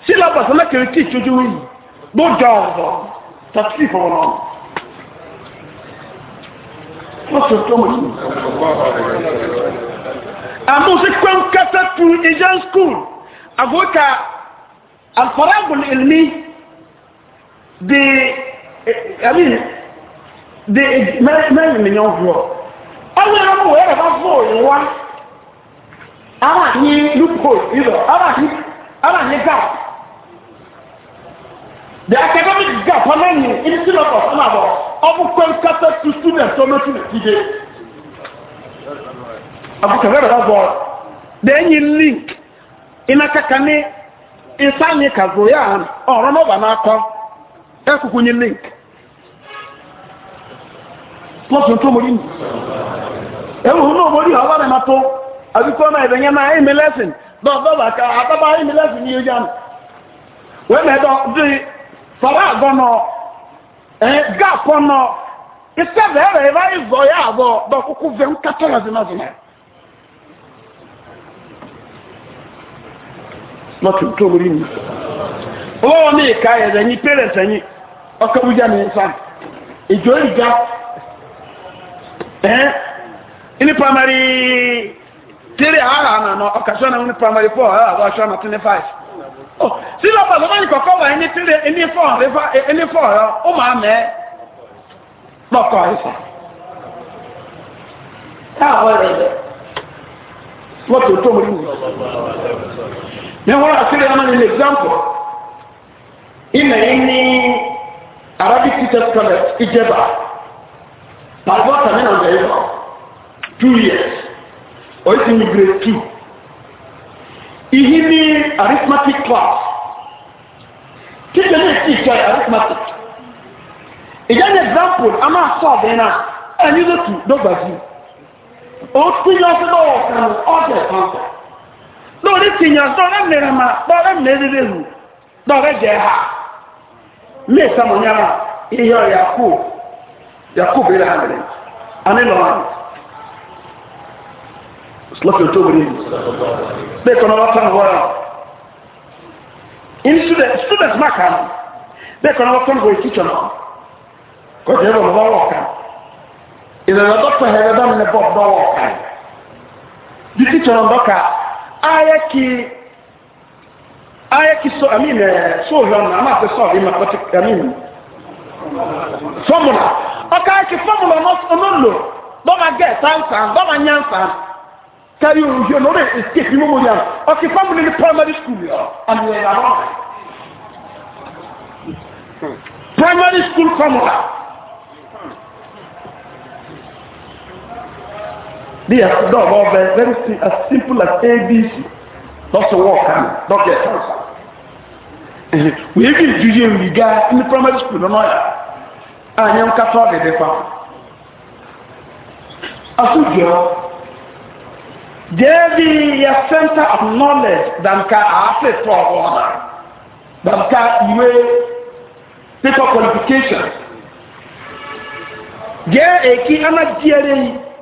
silabus ɔmɛ kɛrɛ ti tsojú yi bó jɔ ɔzɔ tɔtí fɔwɔ nɔ wọ́n tó mọ̀ ní. àmúsí pé ń kẹsẹ̀ tu ìjẹun skul agota alfaragul ilmi de i mean de mẹ́rin mi yàn fún ọ ọmọ yẹn wọ́n yẹn bá fún òyìn wá ara ní loophole yìí ara ní ara ní gap the academic gap ọmọ yẹn in still of us ọmọ àbọ̀ ọmọ kọ́ńkátà tu students ọmọ tún ti dé àbùkù ẹ̀rọ bá bọ̀ ọ́ dẹ́yìn link. inakaka ni isani kazo ya ọrụ n'ọba n'akọ ekwukwunye link lọsùn tó mori nù ewu náà mori ọba rẹ ma tó àbíkọ náà ìbẹ̀yẹ náà ẹ̀mí lẹ́sìn dọ́ọ̀dọ́ọ̀bà ká àbábá ẹ̀mí lẹ́sìn ní ojú àná wẹ́n mẹ́ẹ̀dọ́ di sọ̀rọ̀ àgọ́ náà ẹ̀ gáàpọ̀ náà na tuntun wuri ni ọwọ́ wọn ní ìka ẹ̀rẹ̀ yín pẹ́rẹ̀sì yín ọkọ̀ wújá ní nsá ìjọ ìjà ẹ̀ ní primary three ara àná ọkà sọ na ní primary four ara àwọn aṣọ na twenty five sílẹ̀ pàṣẹ wọn ní kọ̀kọ́ wà ní three ní four ní four ọ̀ ọ́ máa mẹ́ lọ́kọ̀ àìsàn táwọn ẹ̀rẹ̀ wọ́n tó tó mú yẹnwọ́n àṣírí ọmọ ní example ilẹ̀ yìí ní arabic teacher college ìjẹba pàgọ́ tàbí náà lè yọ two years oyi ti ní grade two ìhí ní arithmetic class teacher náà ti kẹ́ arithmetic ìjẹ́ ní example a máa sọ ọ̀bẹ náà ẹni lótú dọ́gba sí i ó ti yọ sí lọ́wọ́ kan ọ̀dẹ̀ kan sọ lórí tìyàn sọ́rẹ́ mìíràn máa lọ́rẹ́ mìíràn rèlù lọ́rẹ́ jẹ́ ha mí sọmọ nyara ihe yakub yakub rẹ̀ ha mìíràn àní lọ́wọ́ lọ́kì tó wọlé bẹ́ẹ̀ kọ́ lọ́wọ́ tán wọ́ra in student student mark am bẹ́ẹ̀ kọ́ lọ́wọ́ tán wọ́ra teacher náà kọ́ jẹ́ bọ̀ lọ́wọ́ wọ̀ kan ìlànà dọ́kítà hẹ̀rẹ̀ dámìnà bọ̀ lọ́wọ́ kan bí teacher náà dọ́kà ayaki ayaki so i mean so hwan na ma se so in mathematic i mean formula ọka ki formula no no no don ma get sansan don ma nyan san carry on you know the escape you mo yan ọki formula ni primary school ya, and you are wrong primary school formula. bí a ti dọ̀bọ̀ ọbẹ̀ very sim as simple as abc lọ́sọ̀ wọ́ọ̀ kánò dọ́kẹ̀ kansa wèé bí ìdúyé nriga ní primary school nínú ọ̀yà a nyẹ nkatọ́ ọ̀dẹ̀dẹ̀ fa asojọ jẹ́ẹ́bi yẹ center of knowledge dànka àáfẹ́ tọ́ ọ̀dà dànka ìwé paper qualification jẹ́ èkí anájíẹ́rẹ́ yìí.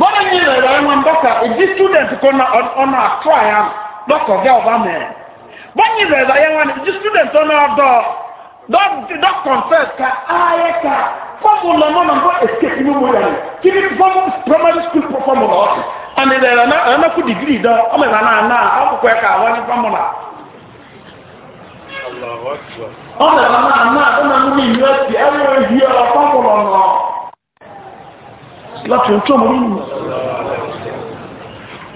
bọ́dọ̀ yìí rẹ̀ rẹ̀ wọn dọ́kà ìdí student kò na ọ̀nà àtọ́ àyà dọ́kà ọ̀gá ọ̀bá mẹ́rẹ̀ bọ́nyì rẹ̀ rẹ̀ wọn ìdí student ọ̀nà ọ̀dọ́ dọ́kọ̀nfẹ́t ka ah, ka fọ́mùlà náà nǹkan kí ni primary school fọ́mùlà ọ̀sẹ̀ àmì rẹ̀ rẹ̀ náà ẹ̀rọ kú dìgírì dọ́ ọmọ ìlà náà náà ọkùnkù ẹ̀ ká wọ́n ní fọ́mùlà. ọmọ ìlà náà láti ohun tó mú nínú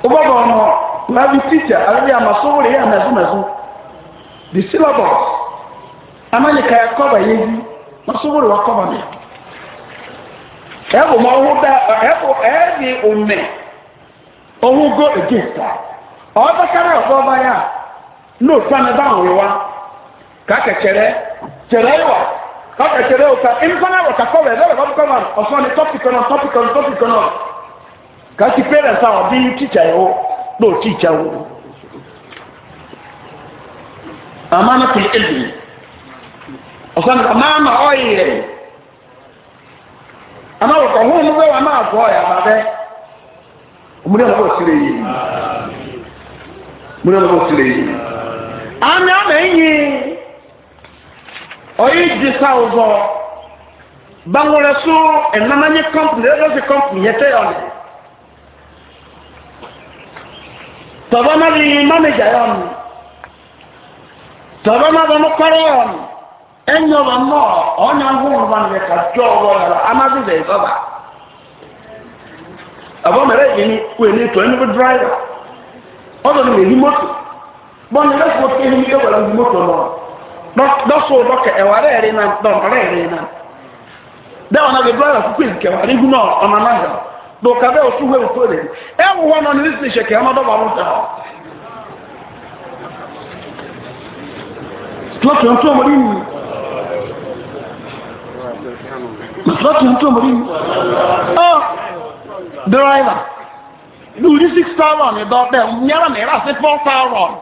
ó bá bọ̀ ọmọ láti tíjà àbí di syllabus amáyíká ka ya kọba yí màsówó wà kọba mi ẹ̀ bò mọ ọhún dá ẹ̀ bò ẹ̀ di òmẹ ọhún go against her ọ̀ bá kára ọ̀bọ̀ ní òtún àmì bá kà kaka kyerɛ o ka mpana wɔ kakɔ wɛ ɛdɛ wɔ kɔma ɔsɔn ni tɔpik nɔ tɔpik nɔ tɔpik nɔ kasi parents a ɔdi tikya yɛ wo na o tikya wo amana tun ebi ɔsɔn ni ɔmaama ɔyɛ ama wɔ kɔhun mu bɛ wɔ ama afɔ ɔyɛ aba bɛ ɔmuna mu bɔ sire yi ɔmuna mu bɔ sire yi ami ama enyi. oyi di sa ọzọ bangore so ẹnamanye company si company yẹ tẹ ọ tọba di manager yọ mi tọba ma bọ mọkọrọ yọ mi ẹnyẹ ọba mọ ọnyà ngúwòn ba amadu bẹ ẹ bọba àbọ mẹrẹ yìí ni wẹ ní driver ẹni bẹ driver ni moto. ní mọtò bọ ní ẹkọ tẹ dɔso dɔkɛ ɛware yɛrɛ nan dɔn ɔrɛ yɛrɛ nan dɛ ɔna bɛ dɔn ɛfu kpezi kɛwa ne guma ɔna na yɛ do ka bɛ osu hɛ osu de ɛwu hɔ nɔ ne ne sɛ kɛ ɔna dɔ ba mo da tulatu yɛn tulamo di mu tulatu yɛn tulamo di mu ɔ dɔrɔyina lórí six thousand dɔ bɛ nyara mi ra se four thousand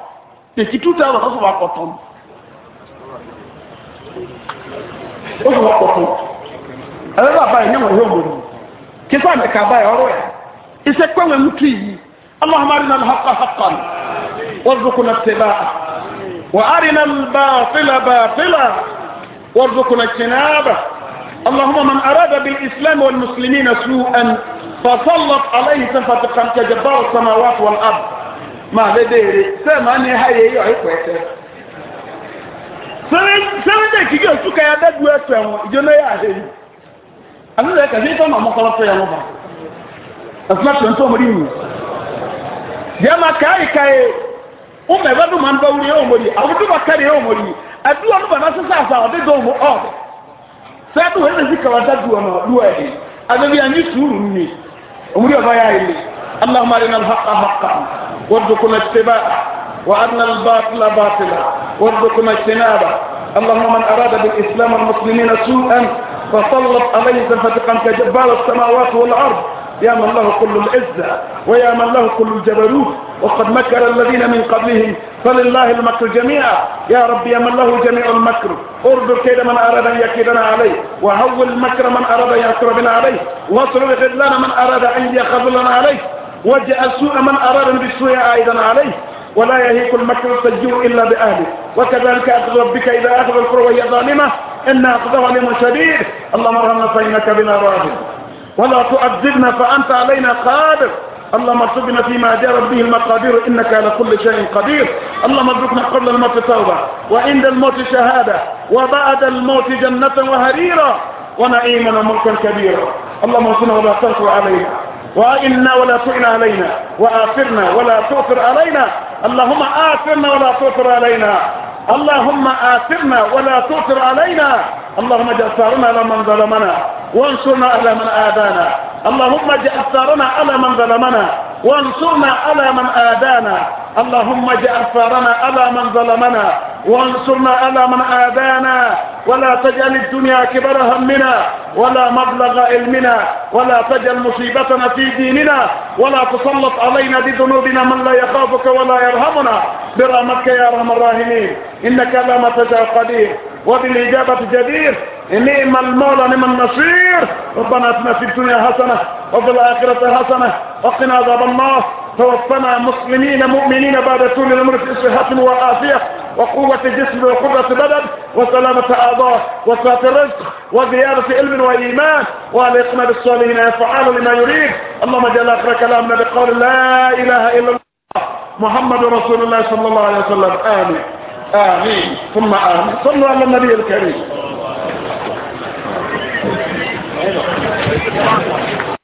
tètè two thousand ɔsọ wa kɔtɔn. ohuwa koko ɛbɛba abayi nyɛ wɔn hɛn wɔn kisa mi ka abayi ɔrɔ yɛ isɛ kpɛwɛ mutu yi allahumma arina alhaqa haqqan warzuqna ittiba'a wa arina albatila batila warzuqna ijtinaba اللهم من أراد بالإسلام والمسلمين سوءا فصلت عليه سفة قد جبار السماوات والأرض ما لديه سمعني هاي يعيق ويتفق seven days kìí oṣù kẹyà dẹ́gbù ẹ̀tọ́ ẹ̀wọ̀n ìjọba yà ṣe yìí àtúntò ẹ̀kẹ́ sí tọ́nà ọmọkọlọ fẹ́ ẹ̀wọ̀n bá ẹ̀sùn àti ọ̀ntọ́ ọmọdé yìí yẹ máa káyì káyì ọmọ ẹ̀fẹ́ tó máa ń bá wúri ẹ̀ ọmọdé àwọn tó máa káyì ẹ̀ ọmọdé ẹ̀dúwọ̀ ló bàbá sísá àṣà ọ̀dẹ́ dọ̀ ọmọ ọ̀ sẹ́ẹ̀tù wẹ́n sì kàwá dẹ́gbù ọ̀nà ọ̀dúwọ̀ ẹ̀ àgbẹ̀bí ànyí sùúrù nìyí ọmọdé ọ̀bá yà ilé allahumma arina alhaqa haqa wa dukuna tibaqa وأن الباطل باطلا وارزقنا اجتنابه اللهم من أراد بالإسلام والمسلمين سوءا فسلط عليه فتقا كجبار السماوات والأرض يا من له كل العزة ويا من له كل الجبروت وقد مكر الذين من قبلهم فلله المكر جميعا يا رب يا من له جميع المكر اردر كيد من أراد أن يكيدنا عليه وهول مكر من أراد أن يكر بنا عليه واصرف خذلان من أراد أن يخذلنا عليه واجعل سوء من أراد بالسوء عائدا عليه ولا يهيك المكر السجير إلا بأهله وكذلك أخذ ربك إذا أخذ القرى وهي ظالمة إن أخذها لما شديد اللهم ارحمنا فإنك بنا راهب ولا تؤذبنا فأنت علينا قادر اللهم ارزقنا فيما جرت به المقادير انك على كل شيء قدير اللهم ارزقنا قبل الموت توبه وعند الموت شهاده وبعد الموت جنه وهريرا ونعيما وملكا كبيرا اللهم ارزقنا ولا تنصر علينا وإنا ولا تعن علينا وآثرنا ولا تؤثر علينا اللهم آثرنا ولا تؤثر علينا اللهم آثرنا ولا تؤثر علينا اللهم اجعل ثارنا على من ظلمنا وانصرنا على من آذانا اللهم اجعل ثارنا على من ظلمنا وانصرنا على من آذانا اللهم اجعل ثارنا على من ظلمنا وانصرنا على من آذانا ولا تجعل الدنيا كبر همنا ولا مبلغ علمنا ولا تجعل مصيبتنا في ديننا ولا تسلط علينا بذنوبنا من لا يخافك ولا يرهمنا برحمتك يا ارحم الراحمين انك لا ما تجعل قدير وبالاجابه جدير نعم المولى نعم النصير ربنا اتنا في الدنيا حسنه وفي الاخره حسنه وقنا عذاب الله توفنا مسلمين مؤمنين بعد طول العمر في صحه وعافيه وقوه جسم وقدره بدن وسلامه والرياضة وصلاة الرزق وزيادة علم وإيمان والإقناع بالصالحين يفعل لما يريد اللهم جل آخر كلامنا بقول لا إله إلا الله محمد رسول الله صلى الله عليه وسلم آمين آمين ثم آمين صلوا على النبي الكريم